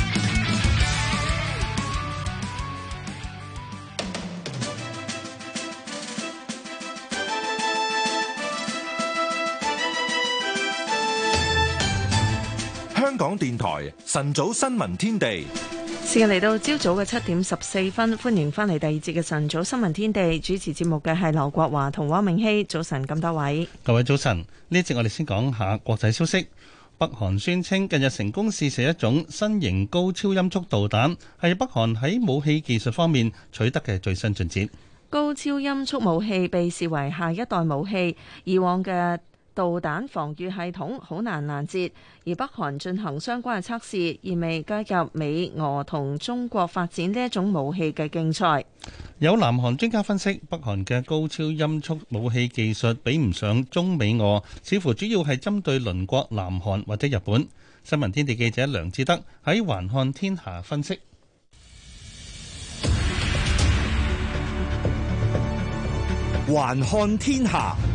香港電台晨早新聞天地，時間嚟到朝早嘅七點十四分，歡迎翻嚟第二節嘅晨早新聞天地，主持節目嘅係劉國華同汪明熙，早晨咁多位，各位早晨。呢節我哋先講下國際消息，北韓宣稱近日成功試射一種新型高超音速導彈，係北韓喺武器技術方面取得嘅最新進展。高超音速武器被視為下一代武器，以往嘅導彈防禦系統好難攔截，而北韓進行相關嘅測試，意味加入美俄同中國發展呢一種武器嘅競賽。有南韓專家分析，北韓嘅高超音速武器技術比唔上中美俄，似乎主要係針對鄰國南韓或者日本。新聞天地記者梁志德喺環看天下分析。環看天下。分析。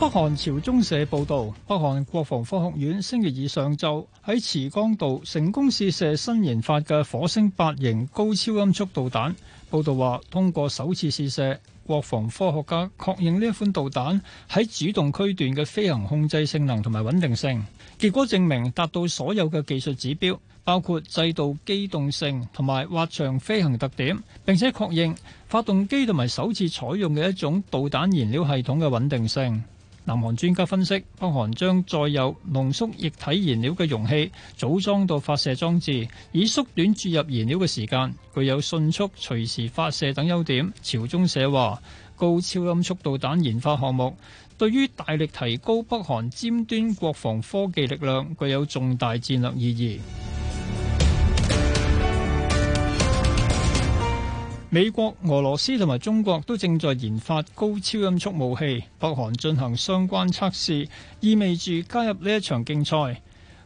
北韓朝中社報道，北韓國防科學院星期二上晝喺池江道成功試射新研發嘅火星八型高超音速導彈。報道話，通過首次試射，國防科學家確認呢一款導彈喺主動區段嘅飛行控制性能同埋穩定性，結果證明達到所有嘅技術指標，包括制導機動性同埋滑翔飛行特點，並且確認發動機同埋首次採用嘅一種導彈燃料系統嘅穩定性。南韓專家分析，北韓將載有濃縮液體燃料嘅容器組裝到發射裝置，以縮短注入燃料嘅時間，具有迅速、隨時發射等優點。朝中社話，高超音速導彈研發項目對於大力提高北韓尖端國防科技力量具有重大戰略意義。美國、俄羅斯同埋中國都正在研發高超音速武器，北韓進行相關測試，意味住加入呢一場競賽。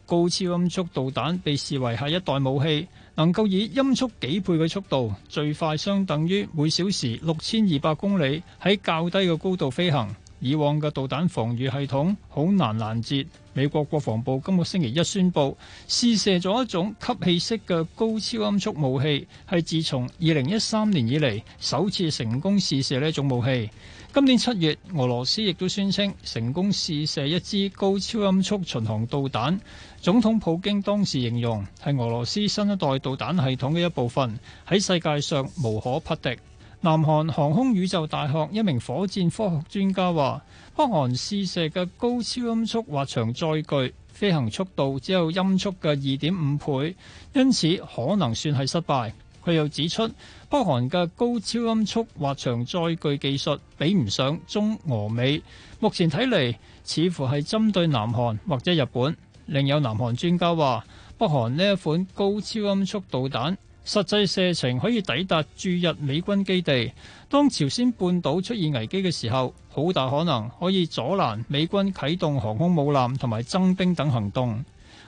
高超音速導彈被視為下一代武器，能夠以音速幾倍嘅速度，最快相等於每小時六千二百公里，喺較低嘅高度飛行。以往嘅導彈防禦系統好難攔截。美國國防部今個星期一宣布試射咗一種吸氣式嘅高超音速武器，係自從二零一三年以嚟首次成功試射呢種武器。今年七月，俄羅斯亦都宣稱成功試射一支高超音速巡航導彈。總統普京當時形容，係俄羅斯新一代導彈系統嘅一部分，喺世界上無可匹敵。南韓航空宇宙大學一名火箭科學專家話：北韓試射嘅高超音速滑翔載具，飛行速度只有音速嘅二點五倍，因此可能算係失敗。佢又指出，北韓嘅高超音速滑翔載具技術比唔上中俄美。目前睇嚟，似乎係針對南韓或者日本。另有南韓專家話：北韓呢一款高超音速導彈。實際射程可以抵達駐日美軍基地。當朝鮮半島出現危機嘅時候，好大可能可以阻攔美軍啟動航空母艦同埋增兵等行動。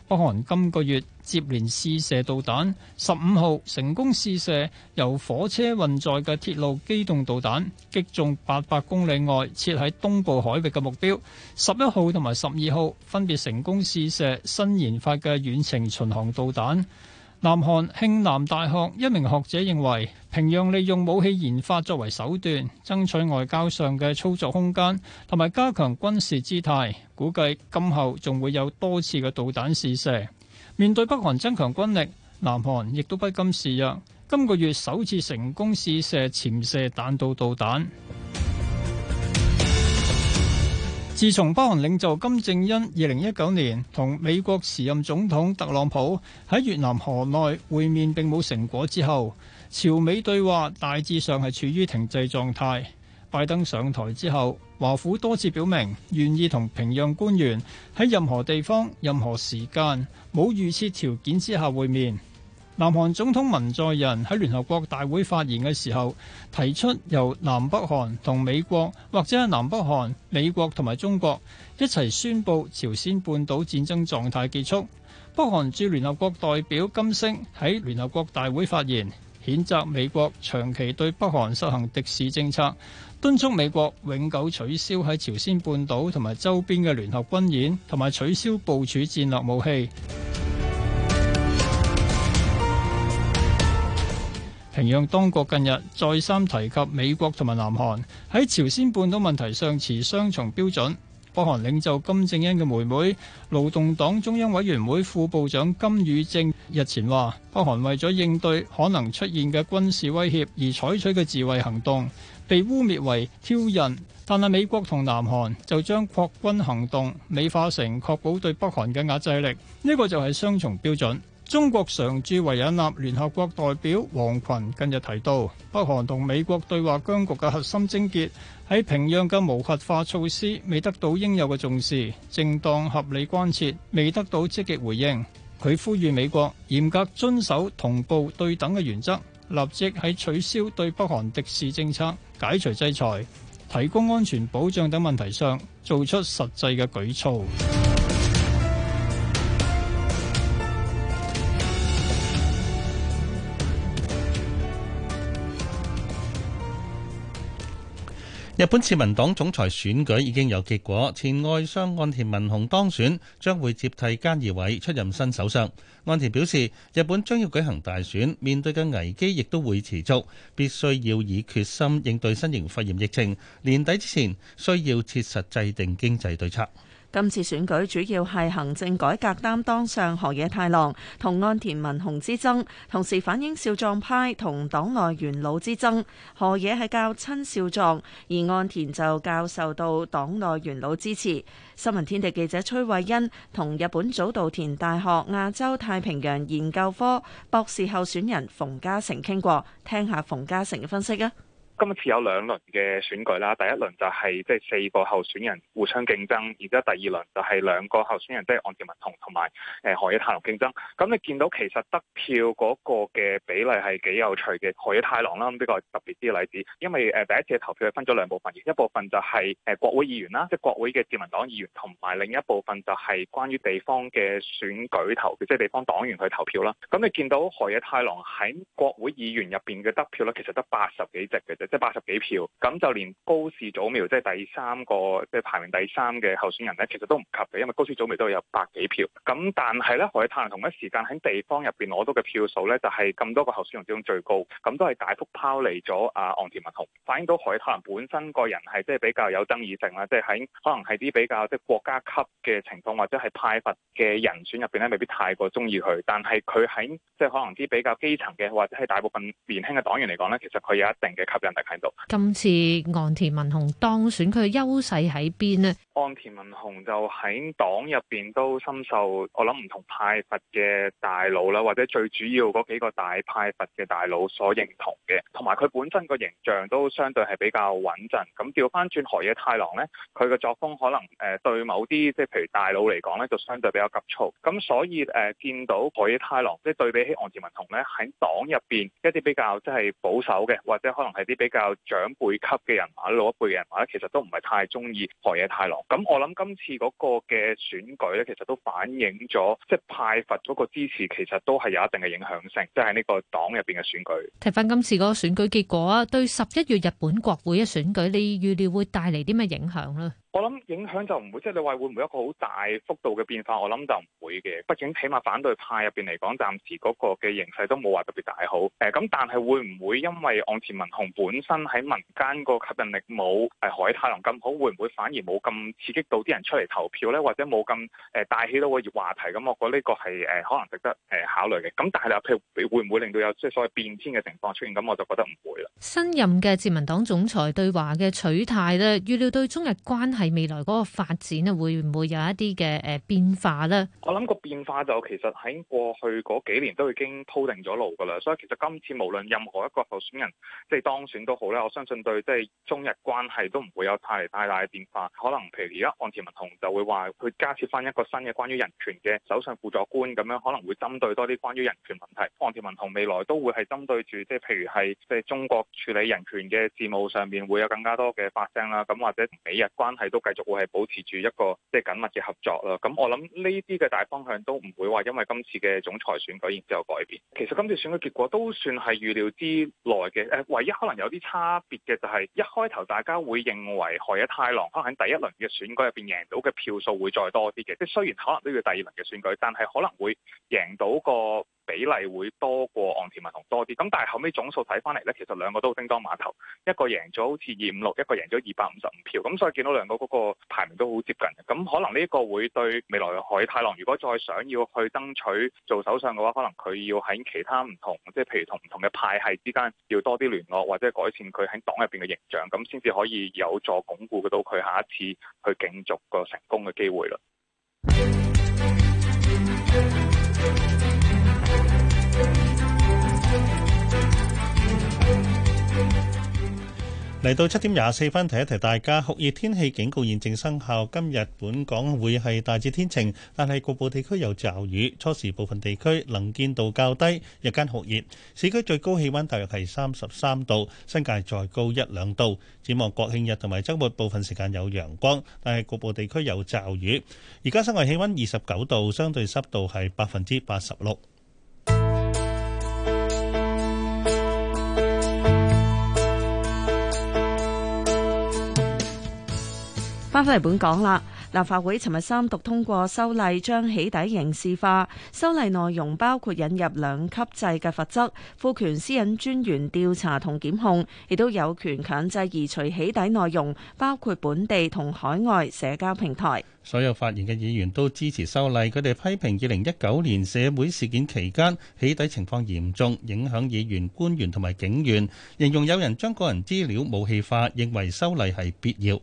北韓今個月接連試射導彈，十五號成功試射由火車運載嘅鐵路機動導彈，擊中八百公里外設喺東部海域嘅目標。十一號同埋十二號分別成功試射新研發嘅遠程巡航導彈。南韓慶南大學一名學者認為，平壤利用武器研發作為手段，爭取外交上嘅操作空間，同埋加強軍事姿態，估計今後仲會有多次嘅導彈試射。面對北韓增強軍力，南韓亦都不甘示弱，今個月首次成功試射潛射彈道導彈。自從北韓領袖金正恩二零一九年同美國時任總統特朗普喺越南河內會面並冇成果之後，朝美對話大致上係處於停滯狀態。拜登上台之後，華府多次表明願意同平壤官員喺任何地方、任何時間、冇預設條件之下會面。南韓總統文在寅喺聯合國大會發言嘅時候，提出由南北韓同美國或者係南北韓、美國同埋中國一齊宣布朝鮮半島戰爭狀態結束。北韓駐聯合國代表金星喺聯合國大會發言，譴責美國長期對北韓實行敵視政策，敦促美國永久取消喺朝鮮半島同埋周邊嘅聯合軍演，同埋取消部署戰略武器。平壤當局近日再三提及美國同埋南韓喺朝鮮半島問題上持雙重標準。北韓領袖金正恩嘅妹妹、勞動黨中央委員會副部長金宇正日前話，北韓為咗應對可能出現嘅軍事威脅而採取嘅自衛行動，被污蔑為挑釁，但係美國同南韓就將擴軍行動美化成確保對北韓嘅壓制力，呢個就係雙重標準。中國常駐維也納聯合國代表王群近日提到，北韓同美國對話僵局嘅核心症結喺平壤嘅無核化措施未得到應有嘅重視，正當合理關切未得到積極回應。佢呼籲美國嚴格遵守同步對等嘅原則，立即喺取消對北韓敵視政策、解除制裁、提供安全保障等問題上做出實際嘅舉措。日本自民黨總裁選舉已經有結果，前外相岸田文雄當選，將會接替菅義偉出任新首相。岸田表示，日本將要舉行大選，面對嘅危機亦都會持續，必須要以決心應對新型肺炎疫情。年底之前需要切實制定經濟對策。今次選舉主要係行政改革擔當上河野太郎同岸田文雄之爭，同時反映少壯派同黨內元老之爭。河野係較親少壯，而岸田就較受到黨內元老支持。新聞天地記者崔慧欣同日本早稻田大學亞洲太平洋研究科博士候選人馮嘉誠傾過，聽下馮嘉誠嘅分析啦。今次有兩輪嘅選舉啦，第一輪就係即係四個候選人互相競爭，而家第二輪就係兩個候選人，即係岸田文雄同埋誒河野太郎競爭。咁、嗯、你見到其實得票嗰個嘅比例係幾有趣嘅？河野太郎啦，呢、這、比、個、特別啲例子，因為誒第一次投票係分咗兩部分，一部分就係誒國會議員啦，即、就、係、是、國會嘅自民黨議員，同埋另一部分就係關於地方嘅選舉投票，即係地方黨員去投票啦。咁、嗯、你見到河野太郎喺國會議員入邊嘅得票咧，其實得八十幾席嘅即係八十幾票，咁就連高市早苗即係第三個，即、就、係、是、排名第三嘅候選人咧，其實都唔及嘅，因為高市早苗都有百幾票。咁但係咧，河野同一時間喺地方入邊攞到嘅票數咧，就係、是、咁多個候選人之中最高，咁都係大幅拋離咗啊岸田文雄，反映到河野本身個人係即係比較有爭議性啦，即係喺可能係啲比較即係、就是、國家級嘅情況，或者係派閥嘅人選入邊咧，未必太過鍾意佢。但係佢喺即係可能啲比較基層嘅，或者係大部分年輕嘅黨員嚟講咧，其實佢有一定嘅吸引。今次岸田文雄當選優勢，佢優勢喺邊呢？岸田文雄就喺黨入邊都深受我諗唔同派別嘅大佬啦，或者最主要嗰幾個大派別嘅大佬所認同嘅，同埋佢本身個形象都相對係比較穩陣。咁調翻轉河野太郎咧，佢嘅作風可能誒對某啲即係譬如大佬嚟講咧，就相對比較急躁。咁所以誒、呃、見到河野太郎即係、就是、對比起岸田文雄咧，喺黨入邊一啲比較即係保守嘅，或者可能係啲。比較長輩級嘅人馬，老一輩嘅人馬咧，其實都唔係太中意河野太郎。咁我諗今次嗰個嘅選舉咧，其實都反映咗即係派閥嗰個支持，其實都係有一定嘅影響性，即係呢個黨入邊嘅選舉。提翻今次個選舉結果啊，對十一月日本國會嘅選舉，你預料會帶嚟啲咩影響呢？我諗影響就唔會，即係你話會唔會一個好大幅度嘅變化？我諗就唔會嘅，畢竟起碼反對派入邊嚟講，暫時嗰個嘅形勢都冇話特別大好。誒咁，但係會唔會因為岸田文雄本身喺民間個吸引力冇誒河野太郎咁好，會唔會反而冇咁刺激到啲人出嚟投票咧？或者冇咁誒帶起到個話題咁？我覺得呢個係誒可能值得誒考慮嘅。咁但係就譬如會唔會令到有即係所謂變天嘅情況出現？咁我就覺得唔會啦。新任嘅自民黨總裁對華嘅取態咧，預料對中日關係。係未來嗰個發展咧，會唔會有一啲嘅誒變化咧？我諗個變化就其實喺過去嗰幾年都已經鋪定咗路噶啦，所以其實今次無論任何一個候選人即係當選都好咧，我相信對即係中日關係都唔會有太太大嘅變化。可能譬如而家岸田文雄就會話佢加設返一個新嘅關於人權嘅首相輔助官咁樣，可能會針對多啲關於人權問題。岸田文雄未來都會係針對住即係譬如係即係中國處理人權嘅事務上面，會有更加多嘅發聲啦。咁或者同美日關係。都繼續會係保持住一個即係緊密嘅合作啦。咁我諗呢啲嘅大方向都唔會話因為今次嘅總裁選舉然之後改變。其實今次選舉結果都算係預料之內嘅。誒、呃，唯一可能有啲差別嘅就係一開頭大家會認為河野太郎可能喺第一輪嘅選舉入邊贏到嘅票數會再多啲嘅。即係雖然可能都要第二輪嘅選舉，但係可能會贏到個比例會多過岸田文雄多啲，咁但係後尾總數睇翻嚟呢，其實兩個都叮當馬頭，一個贏咗好似二五六，一個贏咗二百五十五票，咁所以見到兩個嗰個排名都好接近，咁可能呢一個會對未來海太郎如果再想要去爭取做首相嘅話，可能佢要喺其他唔同，即係譬如同唔同嘅派系之間要多啲聯絡，或者改善佢喺黨入邊嘅形象，咁先至可以有助鞏固到佢下一次去競逐個成功嘅機會啦。嚟到七點廿四分，提一提大家酷熱天氣警告現正生效。今日本港會係大致天晴，但係局部地區有驟雨。初時部分地區能見度較低，日間酷熱。市區最高氣溫大約係三十三度，新界再高一兩度。展望國慶日同埋周末部分時間有陽光，但係局部地區有驟雨。而家室外氣溫二十九度，相對濕度係百分之八十六。翻返嚟本港啦，立法會尋日三讀通過修例，將起底刑事化。修例內容包括引入兩級制嘅罰則，賦權私隱專員調查同檢控，亦都有權強制移除起底內容，包括本地同海外社交平台。所有發言嘅議員都支持修例，佢哋批評二零一九年社會事件期間起底情況嚴重，影響議員、官員同埋警員，形容有人將個人資料武器化，認為修例係必要。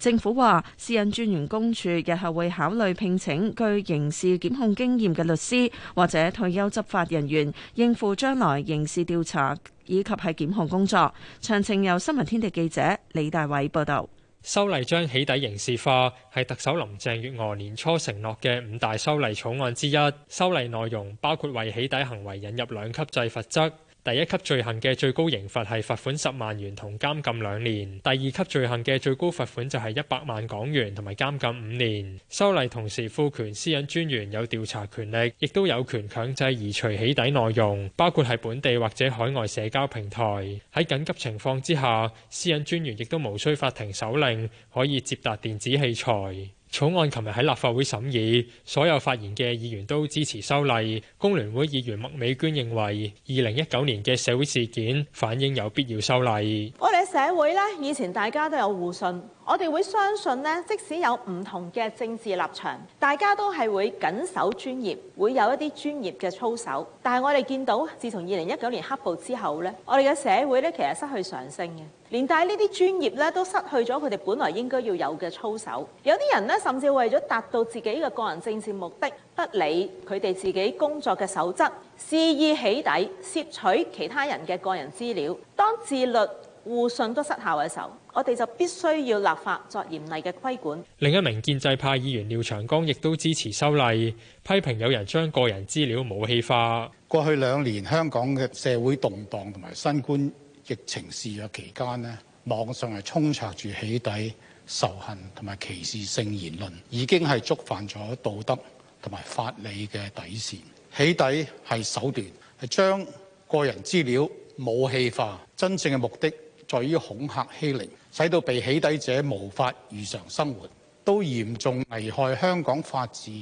政府話，私隱專員公署日後會考慮聘請具刑事檢控經驗嘅律師或者退休執法人員，應付將來刑事調查以及係檢控工作。詳情由新聞天地記者李大偉報道。修例將起底刑事化，係特首林鄭月娥年初承諾嘅五大修例草案之一。修例內容包括為起底行為引入兩級制罰則。第一級罪行嘅最高刑罰係罰款十萬元同監禁兩年，第二級罪行嘅最高罰款就係一百萬港元同埋監禁五年。修例同時賦權私隱專員有調查權力，亦都有權強制移除起底內容，包括喺本地或者海外社交平台。喺緊急情況之下，私隱專員亦都無需法庭手令，可以接達電子器材。草案琴日喺立法會審議，所有發言嘅議員都支持修例。工聯會議員麥美娟認為，二零一九年嘅社會事件反映有必要修例。我哋嘅社會呢，以前大家都有互信，我哋會相信呢，即使有唔同嘅政治立場，大家都係會謹守專業，會有一啲專業嘅操守。但係我哋見到，自從二零一九年黑暴之後呢，我哋嘅社會呢，其實失去上升嘅。連帶呢啲專業咧都失去咗佢哋本來應該要有嘅操守，有啲人咧甚至為咗達到自己嘅個人政治目的，不理佢哋自己工作嘅守則，肆意起底、攝取其他人嘅個人資料。當自律互信都失效嘅時候，我哋就必須要立法作嚴厲嘅規管。另一名建制派議員廖長江亦都支持修例，批評有人將個人資料武器化。過去兩年香港嘅社會動盪同埋新冠。疫情肆虐期間呢，網上係充斥住起底、仇恨同埋歧視性言論，已經係觸犯咗道德同埋法理嘅底線。起底係手段，係將個人資料武器化，真正嘅目的在於恐嚇欺凌，使到被起底者無法如常生活，都嚴重危害香港法治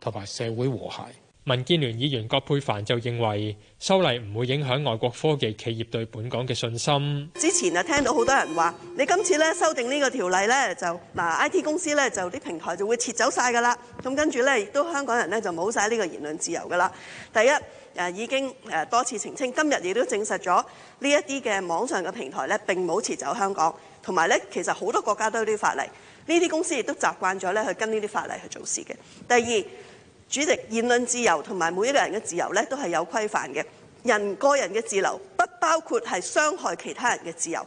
同埋社會和諧。民建聯議員葛佩帆就認為，修例唔會影響外國科技企業對本港嘅信心。之前啊，聽到好多人話，你今次咧修訂呢個條例咧，就嗱，I T 公司咧就啲平台就會撤走晒噶啦。咁跟住咧，亦都香港人咧就冇晒呢個言論自由噶啦。第一，誒、啊、已經誒多次澄清，今日亦都證實咗呢一啲嘅網上嘅平台咧，並冇撤走香港。同埋咧，其實好多國家都有啲法例，呢啲公司亦都習慣咗咧去跟呢啲法例去做事嘅。第二。主席，言論自由同埋每一個人嘅自由咧，都係有規範嘅。人個人嘅自由不包括係傷害其他人嘅自由，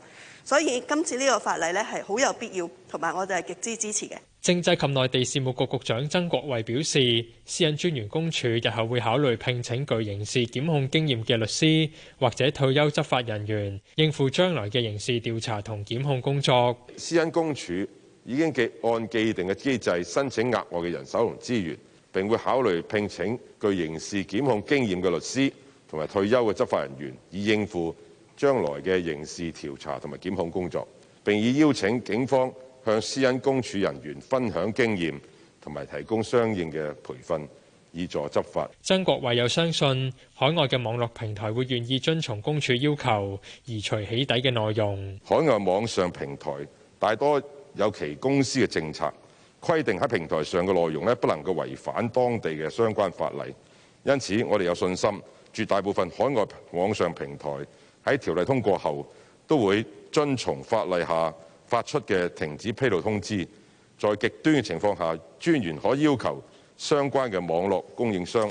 所以今次呢個法例咧係好有必要，同埋我哋係極之支持嘅。政制及內地事務局局，局長曾國衛表示，私隱專員公署日後會考慮聘請具刑事檢控經驗嘅律師或者退休執法人員應付將來嘅刑事調查同檢控工作。私隱公署已經按既定嘅機制申請額外嘅人手同資源。並會考慮聘請具刑事檢控經驗嘅律師同埋退休嘅執法人員，以應付將來嘅刑事調查同埋檢控工作。並以邀請警方向私隱公署人員分享經驗同埋提供相應嘅培訓，以助執法。曾國衛又相信海外嘅網絡平台會願意遵從公署要求移除起底嘅內容。海外網上平台大多有其公司嘅政策。規定喺平台上嘅內容呢，不能夠違反當地嘅相關法例。因此，我哋有信心，絕大部分海外網上平台喺條例通過後，都會遵從法例下發出嘅停止披露通知。在極端嘅情況下，專員可要求相關嘅網絡供應商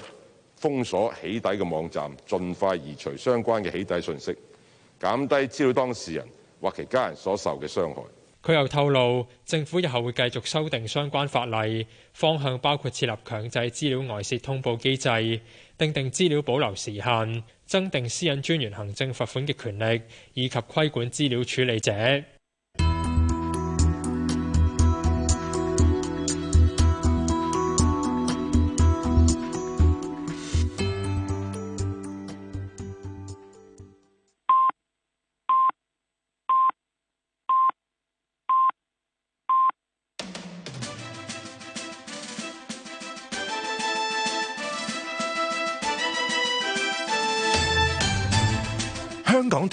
封鎖起底嘅網站，盡快移除相關嘅起底信息，減低資料當事人或其家人所受嘅傷害。佢又透露，政府日後會繼續修訂相關法例，方向包括設立強制資料外泄通報機制，訂定資料保留時限，增定私隱專員行政罰款嘅權力，以及規管資料處理者。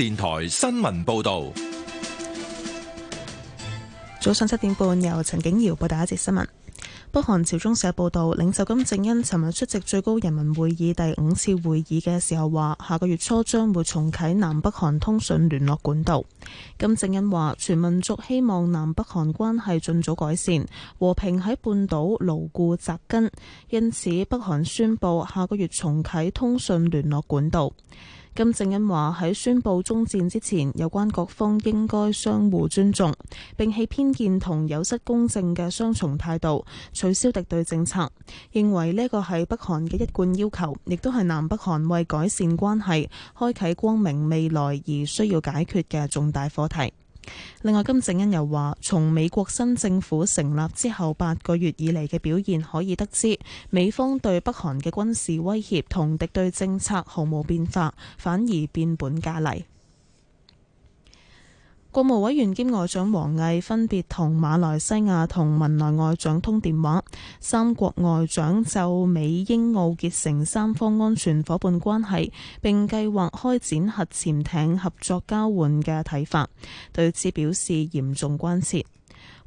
電台新聞報道，早上七點半由陳景堯報道一節新聞。北韓朝中社報道，領袖金正恩尋日出席最高人民會議第五次會議嘅時候話，下個月初將會重啟南北韓通訊聯絡管道。金正恩話，全民族希望南北韓關係盡早改善，和平喺半島牢固紮根，因此北韓宣布下個月重啟通訊聯絡管道。金正恩話，喺宣布終戰之前，有關各方應該相互尊重，摒棄偏見同有失公正嘅雙重態度，取消敵對政策。認為呢個係北韓嘅一貫要求，亦都係南北韓為改善關係、開啟光明未來而需要解決嘅重大課題。另外，金正恩又話，從美國新政府成立之後八個月以嚟嘅表現可以得知，美方對北韓嘅軍事威脅同敵對政策毫無變化，反而變本加厲。國務委員兼外長王毅分別同馬來西亞同文萊外長通電話，三國外長就美英澳結成三方安全伙伴關係，並計劃開展核潛艇合作交換嘅睇法，對此表示嚴重關切。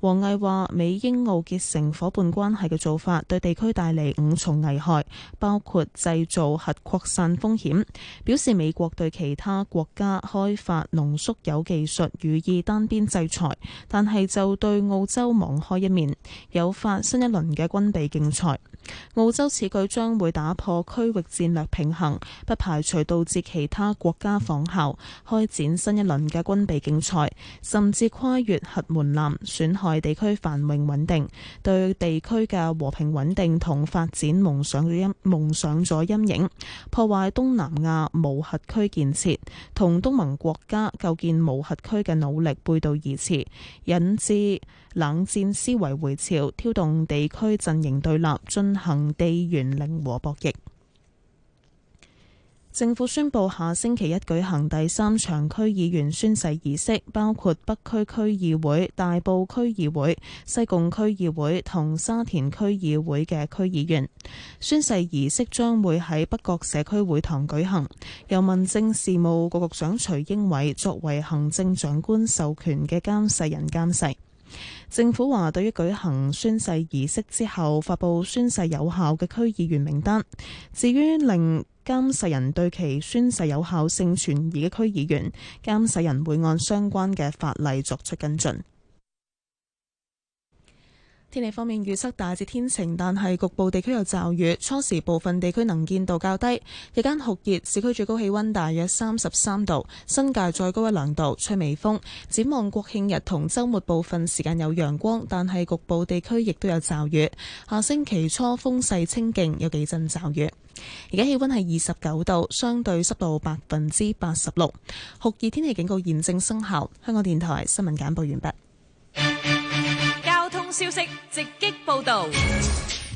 王毅話：美英澳結成伙伴關係嘅做法對地區帶嚟五重危害，包括製造核擴散風險。表示美國對其他國家開發濃縮鈾技術予以單邊制裁，但係就對澳洲網開一面，誘發新一輪嘅軍備競賽。澳洲此舉將會打破區域戰略平衡，不排除導致其他國家仿效，開展新一輪嘅軍備競賽，甚至跨越核門檻，損害地區繁榮穩定，對地區嘅和平穩定同發展蒙上咗陰，蒙上咗陰影，破壞東南亞無核區建設，同東盟國家構建無核區嘅努力背道而馳，引致冷戰思維回潮，挑動地區陣營對立，行地緣零和博弈。政府宣布下星期一舉行第三場區議員宣誓儀式，包括北區區議會、大埔區議會、西貢區議會同沙田區議會嘅區議員宣誓儀式，將會喺北角社區會堂舉行，由民政事務局局長徐英偉作為行政長官授權嘅監誓人監誓。政府話，對於舉行宣誓儀式之後，發布宣誓有效嘅區議員名單。至於令監誓人對其宣誓有效性存疑嘅區議員，監誓人會按相關嘅法例作出跟進。天氣方面，預測大致天晴，但係局部地區有驟雨。初時部分地區能見度較低，日間酷熱，市區最高氣溫大約三十三度，新界再高一兩度，吹微風。展望國慶日同周末，部分時間有陽光，但係局部地區亦都有驟雨。下星期初風勢清勁，有幾陣驟雨。而家氣溫係二十九度，相對濕度百分之八十六，酷熱天氣警告現正生效。香港電台新聞簡報完畢。消息直擊報導。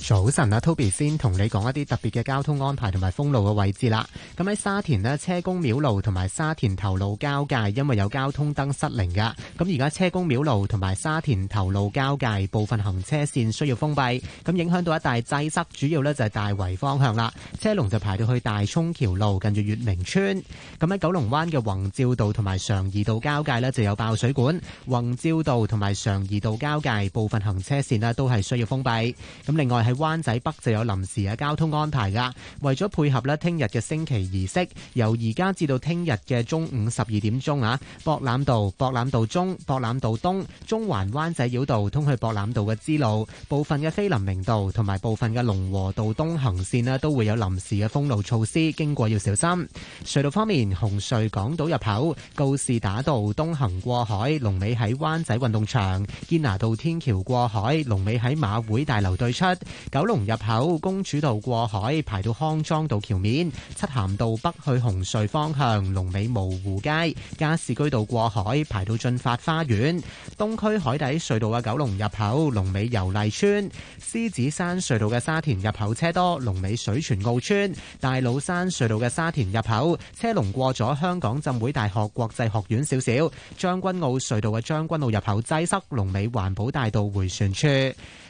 早晨啊，Toby 先同你講一啲特別嘅交通安排同埋封路嘅位置啦。咁喺沙田呢，車公廟路同埋沙田頭路交界，因為有交通燈失靈㗎，咁而家車公廟路同埋沙田頭路交界部分行車線需要封閉，咁影響到一帶擠塞，主要呢就係大圍方向啦，車龍就排到去大涌橋路近住月明村。咁喺九龍灣嘅宏照道同埋常怡道交界呢，就有爆水管，宏照道同埋常怡道交界部分行車線呢都係需要封閉。咁另外喺灣仔北就有臨時嘅交通安排噶，為咗配合呢聽日嘅升旗儀式，由而家至到聽日嘅中午十二點鐘啊，博覽道、博覽道中、博覽道東、中環灣仔繞道通去博覽道嘅支路，部分嘅菲林明道同埋部分嘅龍和道東行線呢，都會有臨時嘅封路措施，經過要小心。隧道方面，紅隧港島入口、告士打道東行過海、龍尾喺灣仔運動場、堅拿道天橋過海、龍尾喺馬會大樓對出。九龍入口公主道過海排到康莊道橋面，漆咸道北去紅隧方向，龍尾蕪湖街；加士居道過海排到駿發花園，東區海底隧道嘅九龍入口，龍尾油麗村；獅子山隧道嘅沙田入口車多，龍尾水泉澳村；大老山隧道嘅沙田入口車龍過咗香港浸會大學國際學院少少，將軍澳隧道嘅將軍澳入口擠塞，龍尾環保大道迴旋處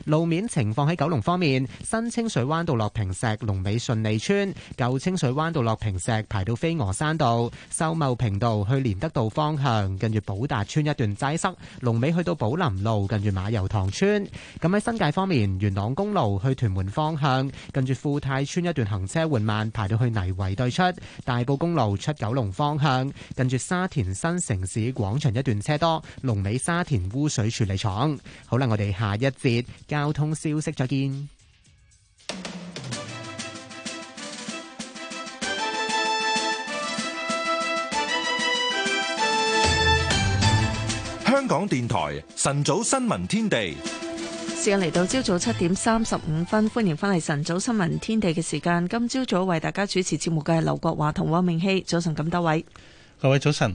路面情況喺九龍方面新清水灣到樂平石龍尾順利村，舊清水灣到樂平石排到飛鵝山道，秀茂坪道去連德道方向，近住寶達村一段擠塞，龍尾去到寶林路，近住馬油塘村。咁喺新界方面，元朗公路去屯門方向，近住富泰村一段行車緩慢，排到去泥圍對出。大埔公路出九龍方向，近住沙田新城市廣場一段車多，龍尾沙田污水處理廠。好啦，我哋下一節交通消息再見。香港電台晨早新聞天地，時間嚟到朝早七點三十五分，歡迎翻嚟晨早新聞天地嘅時間。今朝早為大家主持節目嘅係劉國華同汪明希，早晨，咁多位，各位早晨。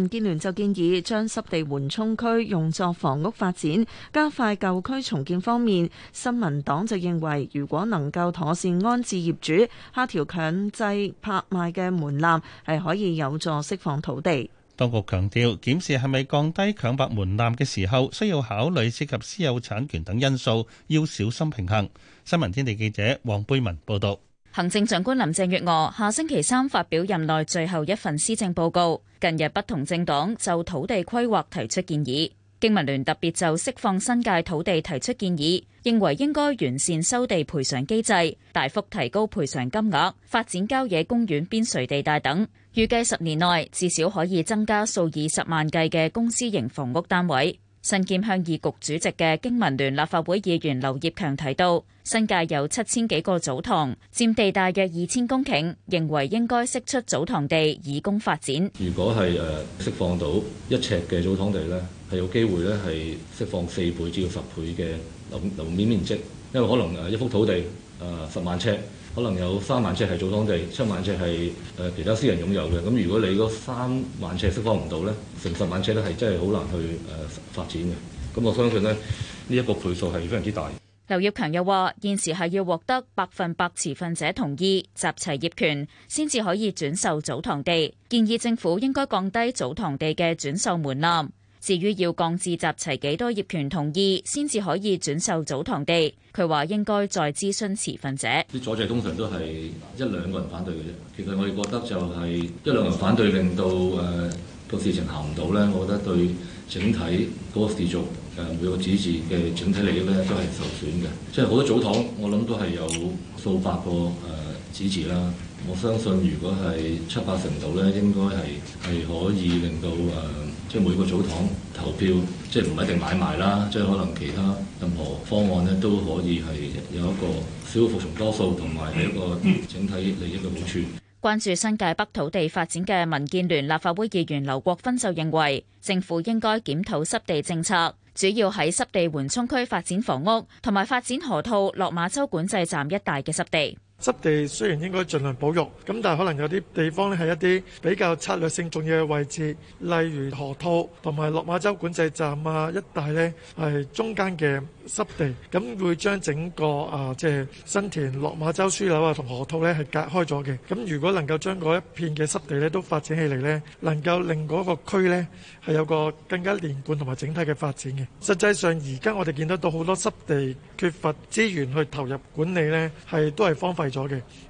民建聯就建議將濕地緩衝區用作房屋發展。加快舊區重建方面，新民黨就認為，如果能夠妥善安置業主，下調強制拍賣嘅門檻，係可以有助釋放土地。當局強調，檢視係咪降低強拍門檻嘅時候，需要考慮涉及私有產權等因素，要小心平衡。新聞天地記者黃貝文報道。行政長官林鄭月娥下星期三發表任內最後一份施政報告。近日，不同政黨就土地規劃提出建議，經民聯特別就釋放新界土地提出建議，認為應該完善收地賠償機制，大幅提高賠償金額，發展郊野公園邊陲地帶等，預計十年內至少可以增加數以十萬計嘅公私型房屋單位。新界鄉議局主席嘅經民聯立法會議員劉業強提到，新界有七千幾個祖堂，佔地大約二千公頃，認為應該釋出祖堂地以供發展。如果係誒釋放到一尺嘅祖堂地咧，係有機會咧係釋放四倍至到十倍嘅樓樓面面積，因為可能誒一幅土地誒十萬尺。可能有三萬尺係祖堂地，七萬尺係誒其他私人擁有嘅。咁如果你嗰三萬尺釋放唔到咧，成十萬尺都係真係好難去誒發展嘅。咁我相信咧，呢、這、一個倍數係非常之大。劉業強又話：現時係要獲得百分百持份者同意集齊業權，先至可以轉售祖堂地。建議政府應該降低祖堂地嘅轉售門檻。至於要降至集齊幾多業權同意，先至可以轉售祖堂地，佢話應該再諮詢持份者。啲阻制通常都係一兩個人反對嘅啫。其實我哋覺得就係一兩個人反對，令到誒個、呃、事情行唔到咧。我覺得對整體嗰個事續每個指示嘅整體利益咧，都係受損嘅。即係好多祖堂，我諗都係有數百個誒指示啦。我相信如果係七八成度咧，應該係係可以令到誒。呃即每個組堂投票，即唔一定買賣啦。即可能其他任何方案呢，都可以係有一個少數服從多數，同埋係一個整體利益嘅好處。關注新界北土地發展嘅民建聯立法會議員劉國勳就認為，政府應該檢討濕地政策，主要喺濕地緩衝區發展房屋，同埋發展河套落馬洲管制站一帶嘅濕地。濕地雖然應該盡量保育，咁但係可能有啲地方呢係一啲比較策略性重要嘅位置，例如河套同埋落馬洲管制站啊一帶呢係中間嘅濕地，咁會將整個啊即係、就是、新田落馬洲樞紐啊同河套呢係隔開咗嘅。咁如果能夠將嗰一片嘅濕地呢都發展起嚟呢，能夠令嗰個區呢係有個更加連貫同埋整體嘅發展嘅。實際上而家我哋見得到好多濕地缺乏資源去投入管理呢，係都係荒廢。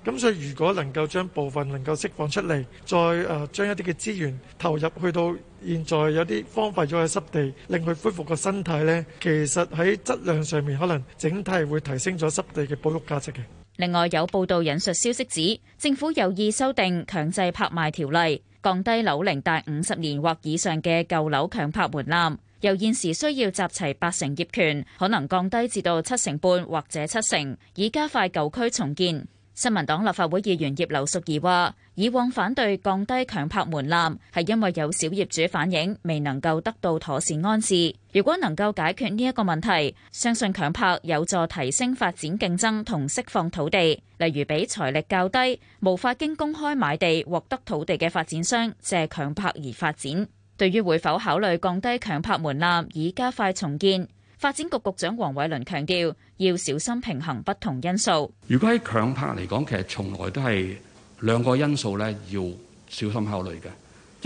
咁所以，如果能夠將部分能夠釋放出嚟，再誒將一啲嘅資源投入去到現在有啲荒廢咗嘅濕地，令佢恢復個生態呢，其實喺質量上面可能整體會提升咗濕地嘅保育價值嘅。另外有報道引述消息指，政府有意修訂強制拍賣條例，降低樓齡達五十年或以上嘅舊樓強拍門檻，由現時需要集齊八成業權，可能降低至到七成半或者七成，以加快舊區重建。新民黨立法會議員葉劉淑儀話：以往反對降低強拍門檻，係因為有小業主反映未能夠得到妥善安置。如果能夠解決呢一個問題，相信強拍有助提升發展競爭同釋放土地。例如，俾財力較低、無法經公開買地獲得土地嘅發展商借強拍而發展。對於會否考慮降低強拍門檻以加快重建？發展局局長黃偉綸強調，要小心平衡不同因素。如果喺強拍嚟講，其實從來都係兩個因素咧，要小心考慮嘅。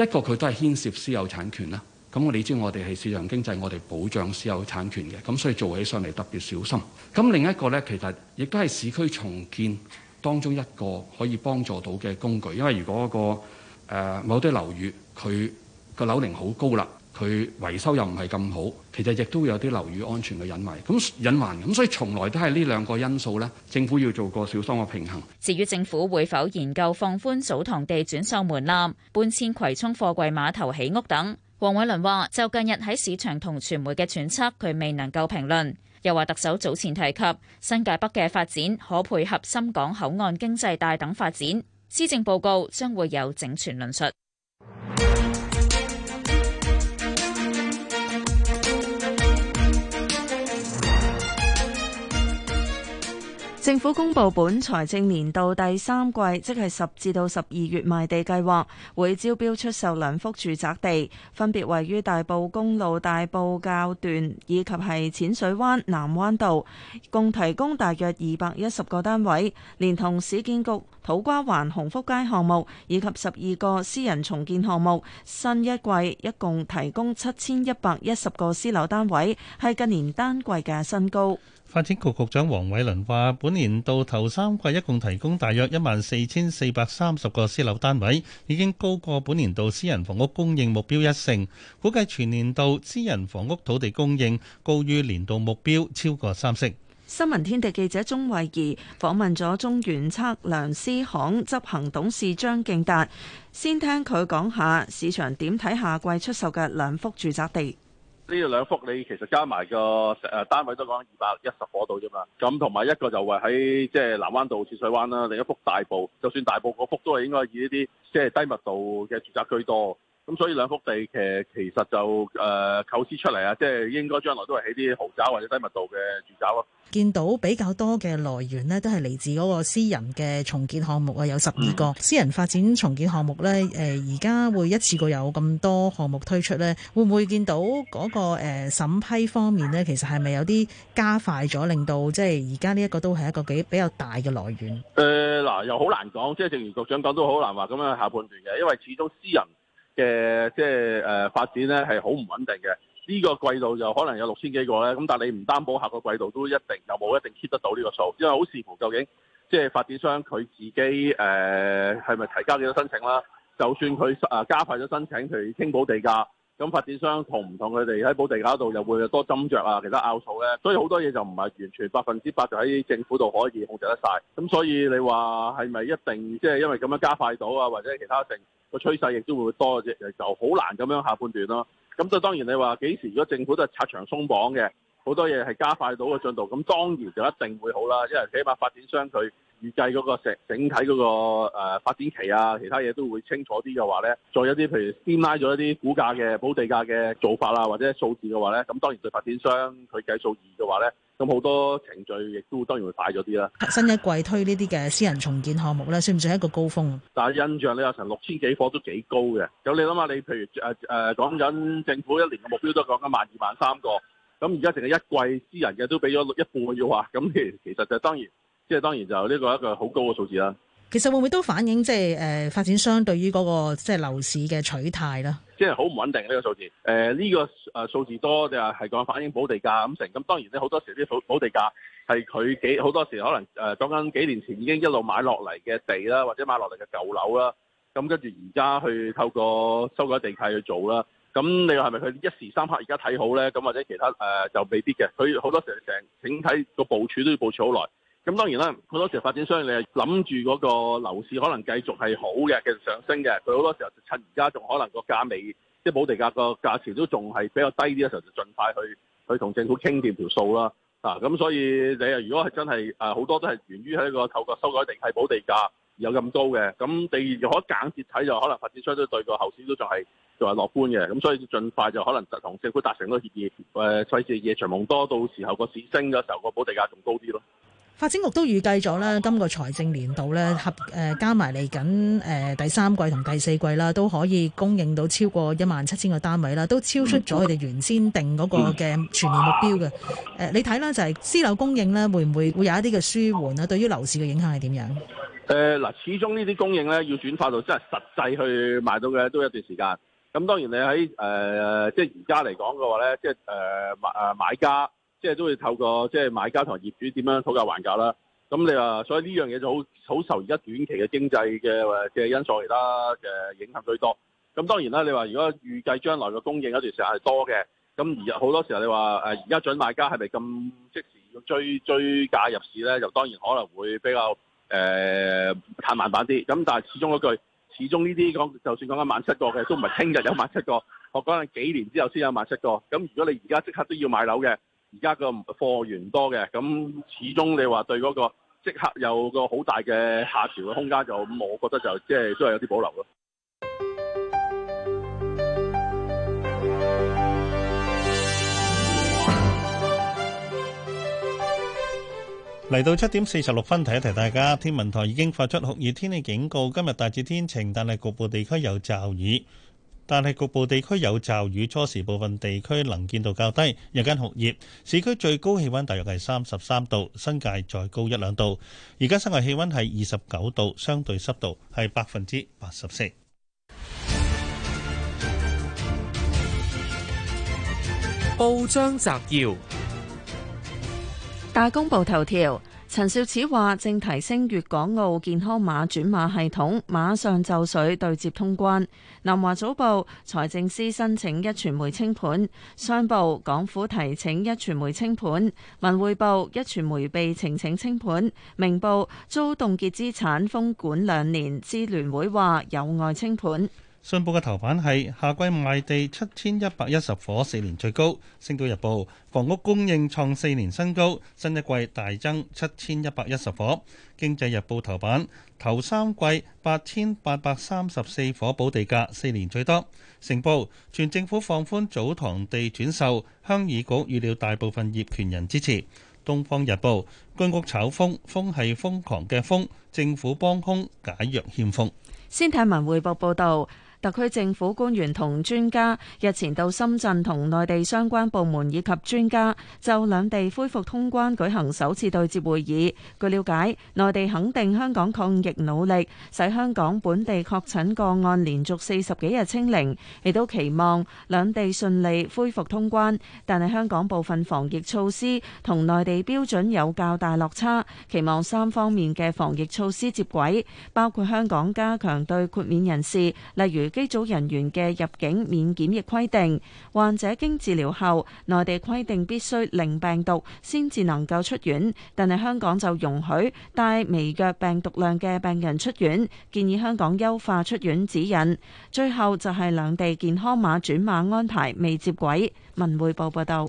一個佢都係牽涉私有產權啦，咁我哋知我哋係市場經濟，我哋保障私有產權嘅，咁所以做起上嚟特別小心。咁另一個咧，其實亦都係市區重建當中一個可以幫助到嘅工具，因為如果、嗰個誒、呃、某啲樓宇佢個樓齡好高啦。佢維修又唔係咁好，其實亦都有啲樓宇安全嘅隱患，咁隱患，咁所以從來都係呢兩個因素呢，政府要做個小心嘅平衡。至於政府會否研究放寬祖堂地轉售門檻、搬遷葵涌貨，貨櫃碼頭起屋等，黃偉綸話就近日喺市場同傳媒嘅揣測，佢未能夠評論。又話特首早前提及新界北嘅發展可配合深港口岸經濟帶等發展，施政報告將會有整全論述。政府公布本財政年度第三季，即係十至到十二月賣地計劃，會招標出售兩幅住宅地，分別位於大埔公路大埔滘段以及係淺水灣南灣道，共提供大約二百一十個單位，連同市建局土瓜灣鴻福街項目以及十二個私人重建項目，新一季一共提供七千一百一十個私樓單位，係近年單季嘅新高。發展局局長黃偉綸話，本年度頭三季一共提供大約一萬四千四百三十個私樓單位，已經高過本年度私人房屋供應目標一成。估計全年度私人房屋土地供應高於年度目標，超過三成。新聞天地記者鍾慧儀訪問咗中原測量師行執行董事張敬達，先聽佢講下市場點睇下季出售嘅兩幅住宅地。呢兩幅你其實加埋個誒單位都講二百一十嗰度啫嘛，咁同埋一個就話喺即係南灣道淺水灣啦，另一幅大埔，就算大埔嗰幅都係應該以一啲即係低密度嘅住宅居多。咁所以兩幅地，其實就誒、呃、構思出嚟啊，即係應該將來都係起啲豪宅或者低密度嘅住宅咯。見到比較多嘅來源呢，都係嚟自嗰個私人嘅重建項目啊，有十二個、嗯、私人發展重建項目咧。誒而家會一次過有咁多項目推出咧，會唔會見到嗰個誒審批方面咧，其實係咪有啲加快咗，令到即係而家呢一個都係一個幾比較大嘅來源？誒嗱、呃，又好難講，即係正如局長講，都好難話咁樣下判斷嘅，因為始終私人。嘅即係誒、呃、發展咧係好唔穩定嘅，呢、這個季度就可能有六千幾個咧，咁但係你唔擔保下個季度都一定又冇一定 keep 得到呢個數，因為好視乎究竟即係發展商佢自己誒係咪提交幾多申請啦，就算佢啊、呃、加快咗申請譬如傾補地價。咁發展商同唔同佢哋喺保地價度又會有多斟酌啊，其他拗數咧，所以好多嘢就唔係完全百分之百就喺政府度可以控制得晒。咁所以你話係咪一定即係、就是、因為咁樣加快到啊，或者其他性個趨勢亦都會多嘅啫，就好難咁樣下判斷咯、啊。咁所以當然你話幾時如果政府都係拆牆鬆綁嘅？好多嘢係加快到個進度，咁當然就一定會好啦。因為起碼發展商佢預計嗰個整體嗰個誒發展期啊，其他嘢都會清楚啲嘅話咧，再有啲譬如先拉咗一啲估價嘅補地價嘅做法啊，或者數字嘅話咧，咁當然對發展商佢計數二嘅話咧，咁好多程序亦都當然會快咗啲啦。新一季推呢啲嘅私人重建項目咧，算唔算係一個高峰啊？但係印象咧，有成六千幾夥都幾高嘅。咁你諗下，你譬如誒誒講緊政府一年嘅目標都講緊萬二萬三個。咁而家剩係一季私人嘅都俾咗一半要話，咁其實就當然，即、就、係、是、當然就呢個一個好高嘅數字啦。其實會唔會都反映即係誒發展商對於嗰、那個即係樓市嘅取態咧？即係好唔穩定呢、這個數字。誒、呃、呢、這個誒數字多就係、是、講反映補地價咁成。咁當然咧，好多時啲土土地價係佢幾好多時可能誒，講、呃、緊幾年前已經一路買落嚟嘅地啦，或者買落嚟嘅舊樓啦。咁跟住而家去透過修改地契去做啦。咁你話係咪佢一時三刻而家睇好咧？咁或者其他誒、呃、就未必嘅。佢好多時候成整，整，整體個部署都要部署好耐。咁當然啦，好多時候發展商你係諗住嗰個樓市可能繼續係好嘅，繼續上升嘅。佢好多時候趁而家仲可能個價未即係保地價個價錢都仲係比較低啲嘅時候，就儘快去去同政府傾掂條數啦。啊，咁所以你如果係真係啊，好、呃、多都係源於喺個透過修改地契保地價。有咁高嘅咁，第二可以間接睇就可能發展商都對個後市都仲係仲係樂觀嘅咁、嗯，所以盡快就可能同政府達成咗協議。誒費事夜長夢多，到時候個市升嘅時候個補地價仲高啲咯。發展局都預計咗咧，今個財政年度呢，合誒、呃、加埋嚟緊誒第三季同第四季啦，都可以供應到超過一萬七千個單位啦，都超出咗佢哋原先定嗰個嘅全年目標嘅。誒、嗯呃，你睇啦，就係、是、私樓供應呢，會唔會會有一啲嘅舒緩啊？對於樓市嘅影響係點樣？誒，嗱，始終呢啲供應咧要轉化到真係實際去賣到嘅，都一段時間。咁當然你喺誒即係而家嚟講嘅話咧，即係誒、呃、買誒買家，即係都會透過即係買家同業主點樣討價還價啦。咁你話，所以呢樣嘢就好好受而家短期嘅經濟嘅嘅因素其他嘅影響最多。咁當然啦，你話如果預計將來嘅供應一段時間係多嘅，咁而好多時候你話誒而家準買家係咪咁即時要追追價入市咧？就當然可能會比較。誒太、呃、慢版啲，咁但係始終嗰句，始終呢啲講，就算講緊萬七個嘅，都唔係聽日有萬七個，我講緊幾年之後先有萬七個。咁如果你而家即刻都要買樓嘅，而家個貨源多嘅，咁始終你話對嗰、嗰個即刻有個好大嘅下調嘅空間就，我覺得就即係都係有啲保留咯。嚟到七點四十六分，提一提大家，天文台已經發出酷熱天氣警告。今日大致天晴，但係局部地區有驟雨，但係局部地區有驟雨。初時部分地區能見度較低，日間酷熱。市區最高氣温大約係三十三度，新界再高一兩度。而家室外氣温係二十九度，相對濕度係百分之八十四。報章摘要。大公報頭條：陳肇始話正提升粵港澳健康碼轉碼系統，馬上就緒對接通關。南華早報：財政司申請一傳媒清盤。商報：港府提請一傳媒清盤。文匯報：一傳媒被呈請清盤。明報遭凍結資產封管兩年。支聯會話有愛清盤。信報嘅頭版係下季賣地七千一百一十伙，四年最高，星島日報，房屋供應創四年新高，新一季大增七千一百一十伙。經濟日報頭版，頭三季八千八百三十四伙補地價，四年最多。成報全政府放寬祖堂地轉售，鄉議局預料大部分業權人支持。東方日報居屋炒風，風係瘋狂嘅風，政府幫兇，解藥欠奉。先睇文匯報報道。」特區政府官員同專家日前到深圳同內地相關部門以及專家就兩地恢復通關舉行首次對接會議。據了解，內地肯定香港抗疫努力，使香港本地確診個案連續四十幾日清零，亦都期望兩地順利恢復通關。但係香港部分防疫措施同內地標準有較大落差，期望三方面嘅防疫措施接軌，包括香港加強對豁免人士，例如機組人員嘅入境免檢疫規定，患者經治療後，內地規定必須零病毒先至能夠出院，但係香港就容許帶微弱病毒量嘅病人出院，建議香港優化出院指引。最後就係兩地健康碼轉碼安排未接軌。文匯報報道。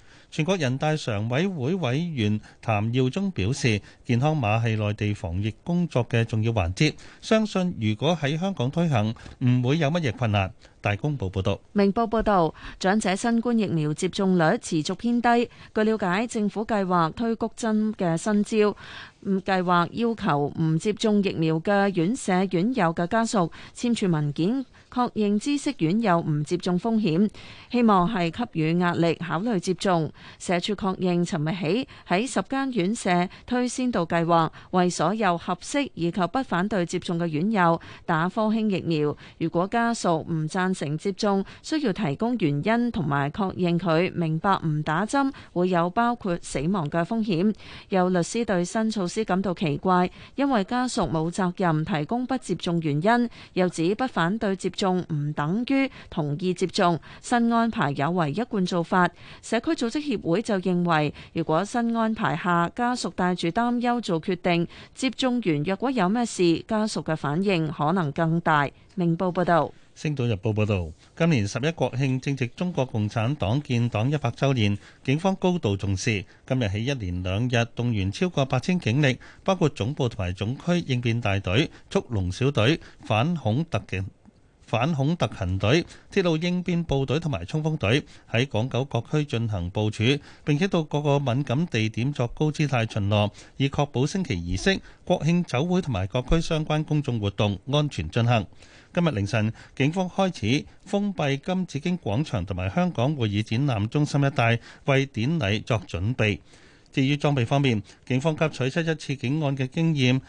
全國人大常委會委員譚耀宗表示，健康碼係內地防疫工作嘅重要環節，相信如果喺香港推行，唔會有乜嘢困難。大公報報道，明報報道，長者新冠疫苗接種率持續偏低。據了解，政府計劃推谷針嘅新招，唔計劃要求唔接種疫苗嘅院舍院友嘅家屬簽署文件。確認知識院友唔接種風險，希望係給予壓力考慮接種。社署確認，尋日起喺十間院舍推先導計劃，為所有合適以及不反對接種嘅院友打科興疫苗。如果家屬唔贊成接種，需要提供原因同埋確認佢明白唔打針會有包括死亡嘅風險。有律師對新措施感到奇怪，因為家屬冇責任提供不接種原因，又指不反對接種。仲唔等於同意接種新安排，有違一貫做法。社區組織協會就認為，如果新安排下家屬帶住擔憂做決定，接種完若果有咩事，家屬嘅反應可能更大。明報報導，《星島日報》報導，今年十一國慶正值中國共產黨建黨一百週年，警方高度重視，今日起一連兩日動員超過八千警力，包括總部同埋總區應變大隊、速龍小隊、反恐特警。反恐特勤隊、鐵路應變部隊同埋衝鋒隊喺港九各區進行部署，並且到各個敏感地點作高姿態巡邏，以確保升旗儀式、國慶酒會同埋各區相關公眾活動安全進行。今日凌晨，警方開始封閉金紫荊廣場同埋香港會議展覽中心一帶，為典禮作準備。至於裝備方面，警方吸取七一刺警案嘅經驗。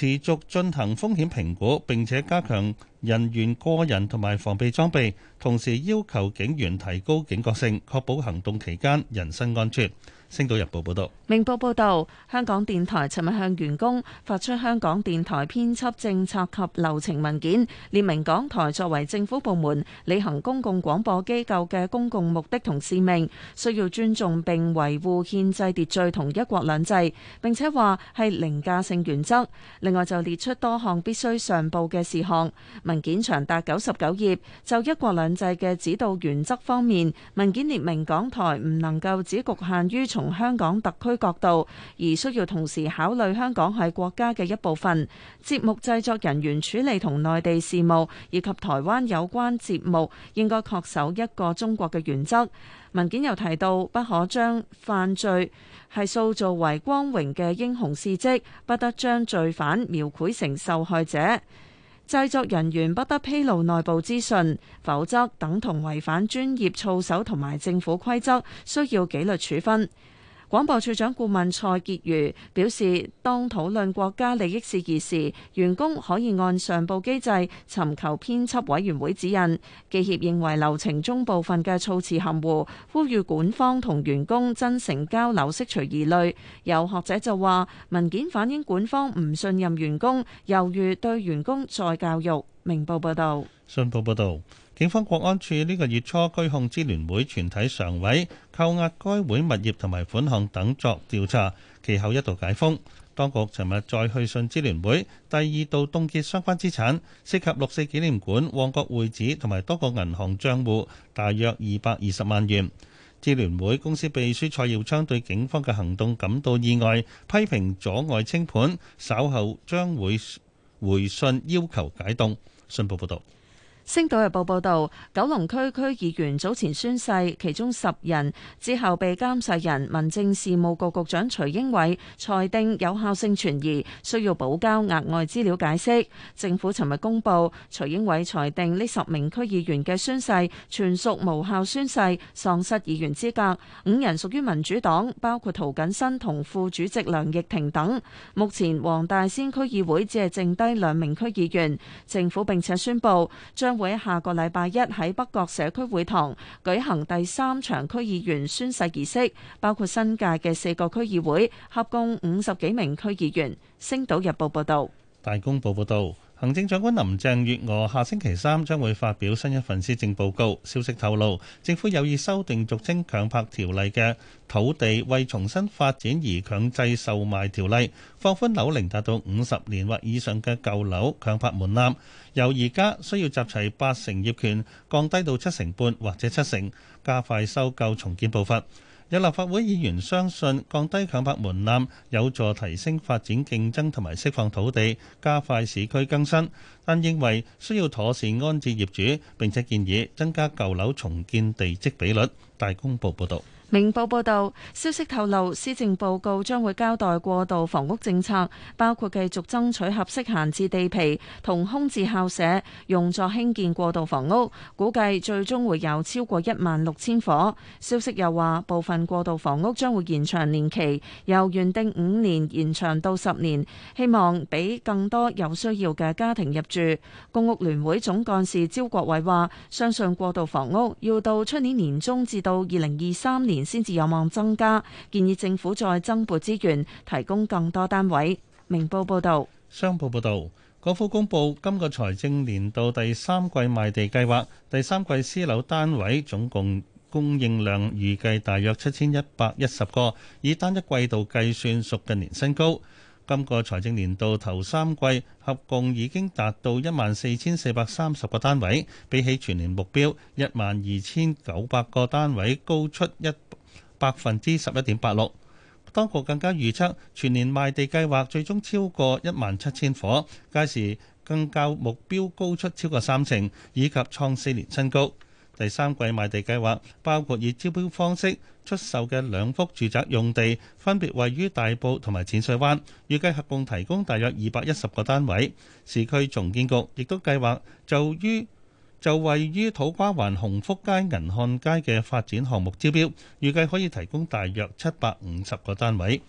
持續進行風險評估，並且加強人員個人同埋防備裝備，同時要求警員提高警覺性，確保行動期間人身安全。星島日報報道，明報報道，香港電台尋日向員工發出香港電台編輯政策及流程文件，列明港台作為政府部門，履行公共廣播機構嘅公共目的同使命，需要尊重並維護憲制秩序同一國兩制，並且話係凌駕性原則。另外就列出多項必須上報嘅事項，文件長達九十九頁。就一國兩制嘅指導原則方面，文件列明港台唔能夠只局限於。從香港特區角度，而需要同時考慮香港係國家嘅一部分。節目製作人員處理同內地事務以及台灣有關節目，應該恪守一個中國嘅原則。文件又提到，不可將犯罪係塑造為光榮嘅英雄事跡，不得將罪犯描繪成受害者。製作人員不得披露內部資訊，否則等同違反專業操守同埋政府規則，需要紀律處分。廣播處長顧問蔡潔如表示，當討論國家利益事宜時，員工可以按上報機制尋求編輯委員會指引。記協認為流程中部分嘅措辭含糊，呼籲管方同員工真誠交流，釋除疑慮。有學者就話，文件反映管方唔信任員工，猶豫對員工再教育。明報報道，信報報道。警方國安處呢個月初拘控支聯會全體常委，扣押該會物業同埋款項等作調查，其後一度解封。當局尋日再去信支聯會，第二度凍結相關資產，涉及六四紀念館、旺角會址同埋多個銀行賬戶，大約二百二十萬元。支聯會公司秘書蔡耀昌對警方嘅行動感到意外，批評阻礙清盤，稍後將會回信要求解凍。信報報道。《星島日報》報道，九龍區區議員早前宣誓，其中十人之後被監誓人民政事務局局長徐英偉裁定有效性存疑，需要補交額外資料解釋。政府尋日公布，徐英偉裁定呢十名區議員嘅宣誓全屬無效宣誓，喪失議員資格。五人屬於民主黨，包括涂謹申同副主席梁亦婷等。目前黃大仙區議會只係剩低兩名區議員。政府並且宣布將會下個禮拜一喺北角社區會堂舉行第三場區議員宣誓儀式，包括新界嘅四個區議會，合共五十幾名區議員。星島日報報道。大公報報道。行政長官林鄭月娥下星期三將會發表新一份施政報告，消息透露政府有意修訂俗稱強拍條例嘅土地，為重新發展而強制售賣條例，放寬樓齡達到五十年或以上嘅舊樓強拍門檻，由而家需要集齊八成業權降低到七成半或者七成，加快收購重建步伐。有立法會議員相信降低強拍門檻有助提升發展競爭同埋釋放土地，加快市區更新，但認為需要妥善安置業主，並且建議增加舊樓重建地積比率。大公報報導。明報報導，消息透露，施政報告將會交代過渡房屋政策，包括繼續爭取合適閒置地皮同空置校舍用作興建過渡房屋，估計最終會有超過一萬六千伙。消息又話，部分過渡房屋將會延長年期，由原定五年延長到十年，希望俾更多有需要嘅家庭入住。公屋聯會總幹事招國偉話，相信過渡房屋要到出年年中至到二零二三年先至有望增加，建議政府再增撥資源，提供更多單位。明報報道。商報報道，港府公布今個財政年度第三季賣地計劃，第三季私樓單位總共供應量預計大約七千一百一十個，以單一季度計算屬近年新高。今個財政年度頭三季合共已經達到一萬四千四百三十個單位，比起全年目標一萬二千九百個單位高出一百分之十一點八六。當局更加預測全年賣地計劃最終超過一萬七千伙，屆時更較目標高出超過三成，以及創四年新高。第三季賣地計劃包括以招標方式出售嘅兩幅住宅用地，分別位於大埔同埋淺水灣，預計合共提供大約二百一十個單位。市區重建局亦都計劃就於就位於土瓜灣鴻福街銀漢街嘅發展項目招標，預計可以提供大約七百五十個單位。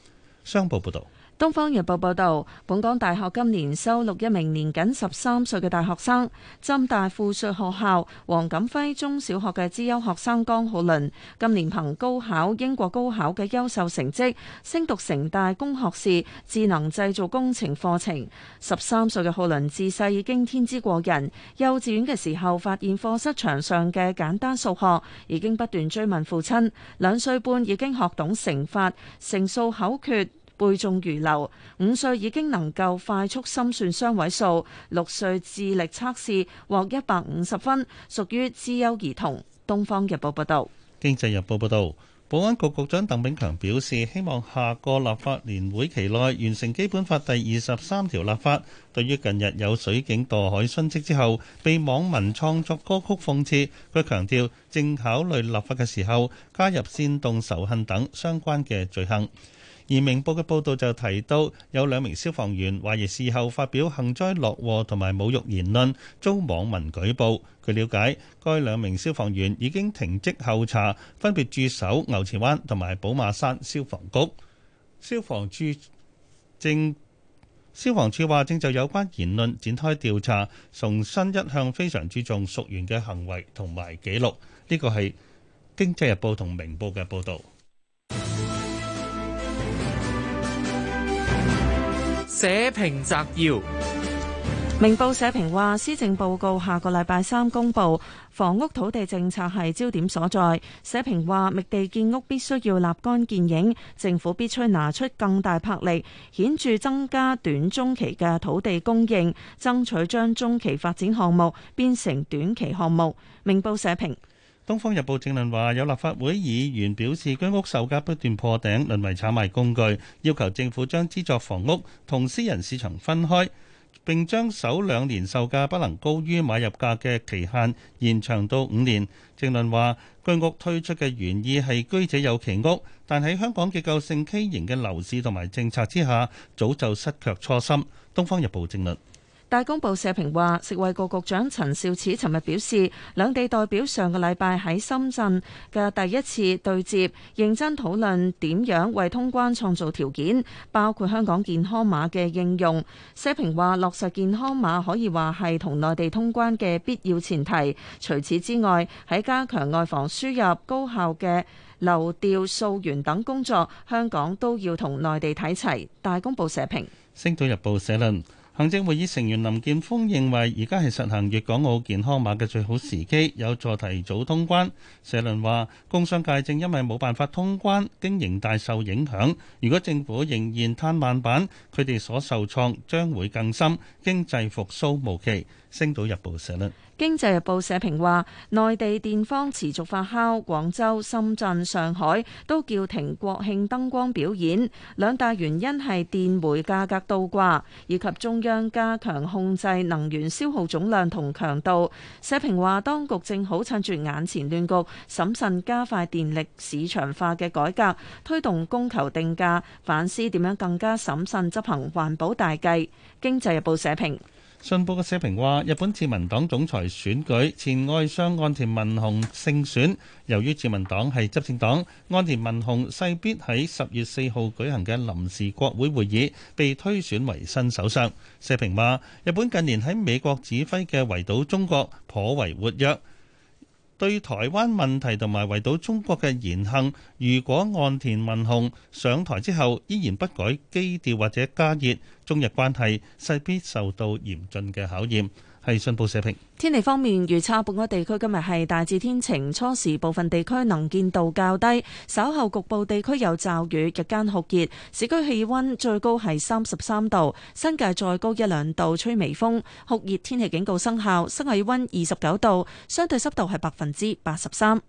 商報報導。《東方日報》報導，本港大學今年收錄一名年僅十三歲嘅大學生，浸大附屬學校黃錦輝中小學嘅資優學生江浩倫，今年憑高考、英國高考嘅優秀成績，升讀城大工學士智能製造工程課程。十三歲嘅浩倫自細已經天資過人，幼稚園嘅時候發現課室牆上嘅簡單數學已經不斷追問父親，兩歲半已經學懂乘法乘數口訣。背中如流，五歲已經能夠快速心算雙位數，六歲智力測試獲一百五十分，屬於資優兒童。《東方日報》報道。《經濟日報》報道，保安局局長鄧炳強表示，希望下個立法年會期內完成《基本法》第二十三條立法。對於近日有水警墮海殉職之後，被網民創作歌曲諷刺，佢強調正考慮立法嘅時候加入煽動仇恨等相關嘅罪行。而《明報》嘅報道就提到，有兩名消防員懷疑事後發表幸災樂禍同埋侮辱言論遭網民舉報，據了解，該兩名消防員已經停職候查，分別駐守牛池灣同埋寶馬山消防局。消防處正消防處話，正就有關言論展開調查，重申一向非常注重屬員嘅行為同埋記錄，呢個係《經濟日報》同《明報》嘅報道。社評摘要：明報社評話，施政報告下個禮拜三公布，房屋土地政策係焦點所在。社評話，覓地建屋必須要立竿見影，政府必須拿出更大魄力，顯著增加短中期嘅土地供應，爭取將中期發展項目變成短期項目。明報社評。《東方日報》政論話，有立法會議員表示，居屋售價不斷破頂，淪為炒賣工具，要求政府將資助房屋同私人市場分開，並將首兩年售價不能高於買入價嘅期限延長到五年。政論話，居屋推出嘅原意係居者有其屋，但喺香港結構性畸形嘅樓市同埋政策之下，早就失卻初心。《東方日報》政論。大公報社評話，食衞局局長陳肇始尋日表示，兩地代表上個禮拜喺深圳嘅第一次對接，認真討論點樣為通關創造條件，包括香港健康碼嘅應用。社評話，落實健康碼可以話係同內地通關嘅必要前提。除此之外，喺加強外防輸入、高效嘅流調溯源等工作，香港都要同內地睇齊。大公報社評，《星島日報》社論。行政會議成員林健鋒認為，而家係實行粵港澳健康碼嘅最好時機，有助提早通關。社論話，工商界正因為冇辦法通關，經營大受影響。如果政府仍然攤慢板，佢哋所受創將會更深，經濟復甦無期。星島日報社論，經濟日報社評話，內地電荒持續發酵，廣州、深圳、上海都叫停國慶燈光表演，兩大原因係電煤價格倒掛以及中央加強控制能源消耗總量同強度。社評話，當局正好趁住眼前亂局，審慎加快電力市場化嘅改革，推動供求定價，反思點樣更加審慎執行環保大計。經濟日報社評。信報嘅社評話：日本自民黨總裁選舉，前外相岸田文雄勝選。由於自民黨係執政黨，岸田文雄勢必喺十月四號舉行嘅臨時國會會議被推選為新首相。社評話：日本近年喺美國指揮嘅圍堵中國，頗為活躍。對台灣問題同埋圍堵中國嘅言行，如果岸田文雄上台之後依然不改基調或者加熱，中日關係勢必受到嚴峻嘅考驗。係《信報》社評。天氣方面預測，本港地區今日係大致天晴，初時部分地區能見度較低，稍後局部地區有驟雨。日間酷熱，市區氣温最高係三十三度，新界再高一兩度，吹微風。酷熱天氣警告生效，室溫二十九度，相對濕度係百分之八十三。